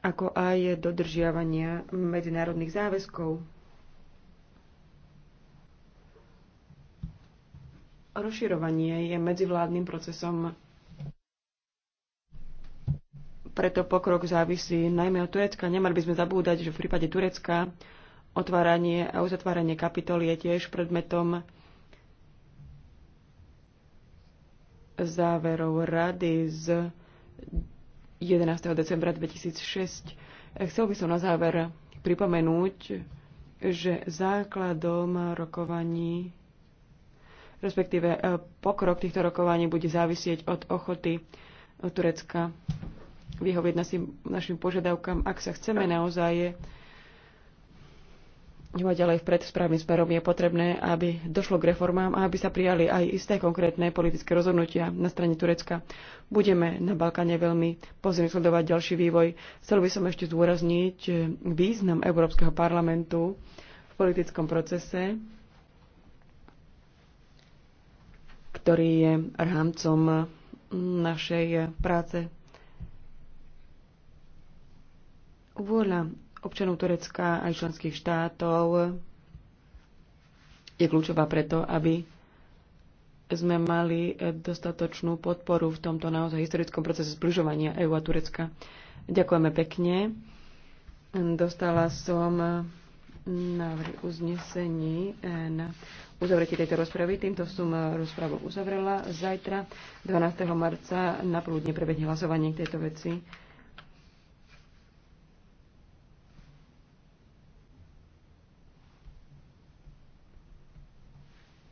ako aj dodržiavania medzinárodných záväzkov. Rozširovanie je medzivládnym procesom preto pokrok závisí najmä od Turecka. Nemali by sme zabúdať, že v prípade Turecka otváranie a uzatváranie kapitoly je tiež predmetom záverov rady z 11. decembra 2006. Chcel by som na záver pripomenúť, že základom rokovaní, respektíve e, pokrok týchto rokovaní bude závisieť od ochoty Turecka vyhovieť našim, našim požiadavkám, ak sa chceme naozaj iba ďalej vpred správnym smerom je potrebné, aby došlo k reformám a aby sa prijali aj isté konkrétne politické rozhodnutia na strane Turecka. Budeme na Balkáne veľmi pozorne sledovať ďalší vývoj. Chcel by som ešte zdôrazniť e, význam Európskeho parlamentu v politickom procese, ktorý je rámcom našej práce. Vôľa občanov Turecka aj členských štátov je kľúčová preto, aby sme mali dostatočnú podporu v tomto naozaj historickom procese zbližovania EÚ a Turecka. Ďakujeme pekne. Dostala som návrh uznesení eh, na uzavretie tejto rozpravy. Týmto som eh, rozpravu uzavrela. Zajtra, 12. marca, na poludne prebehne hlasovanie k tejto veci.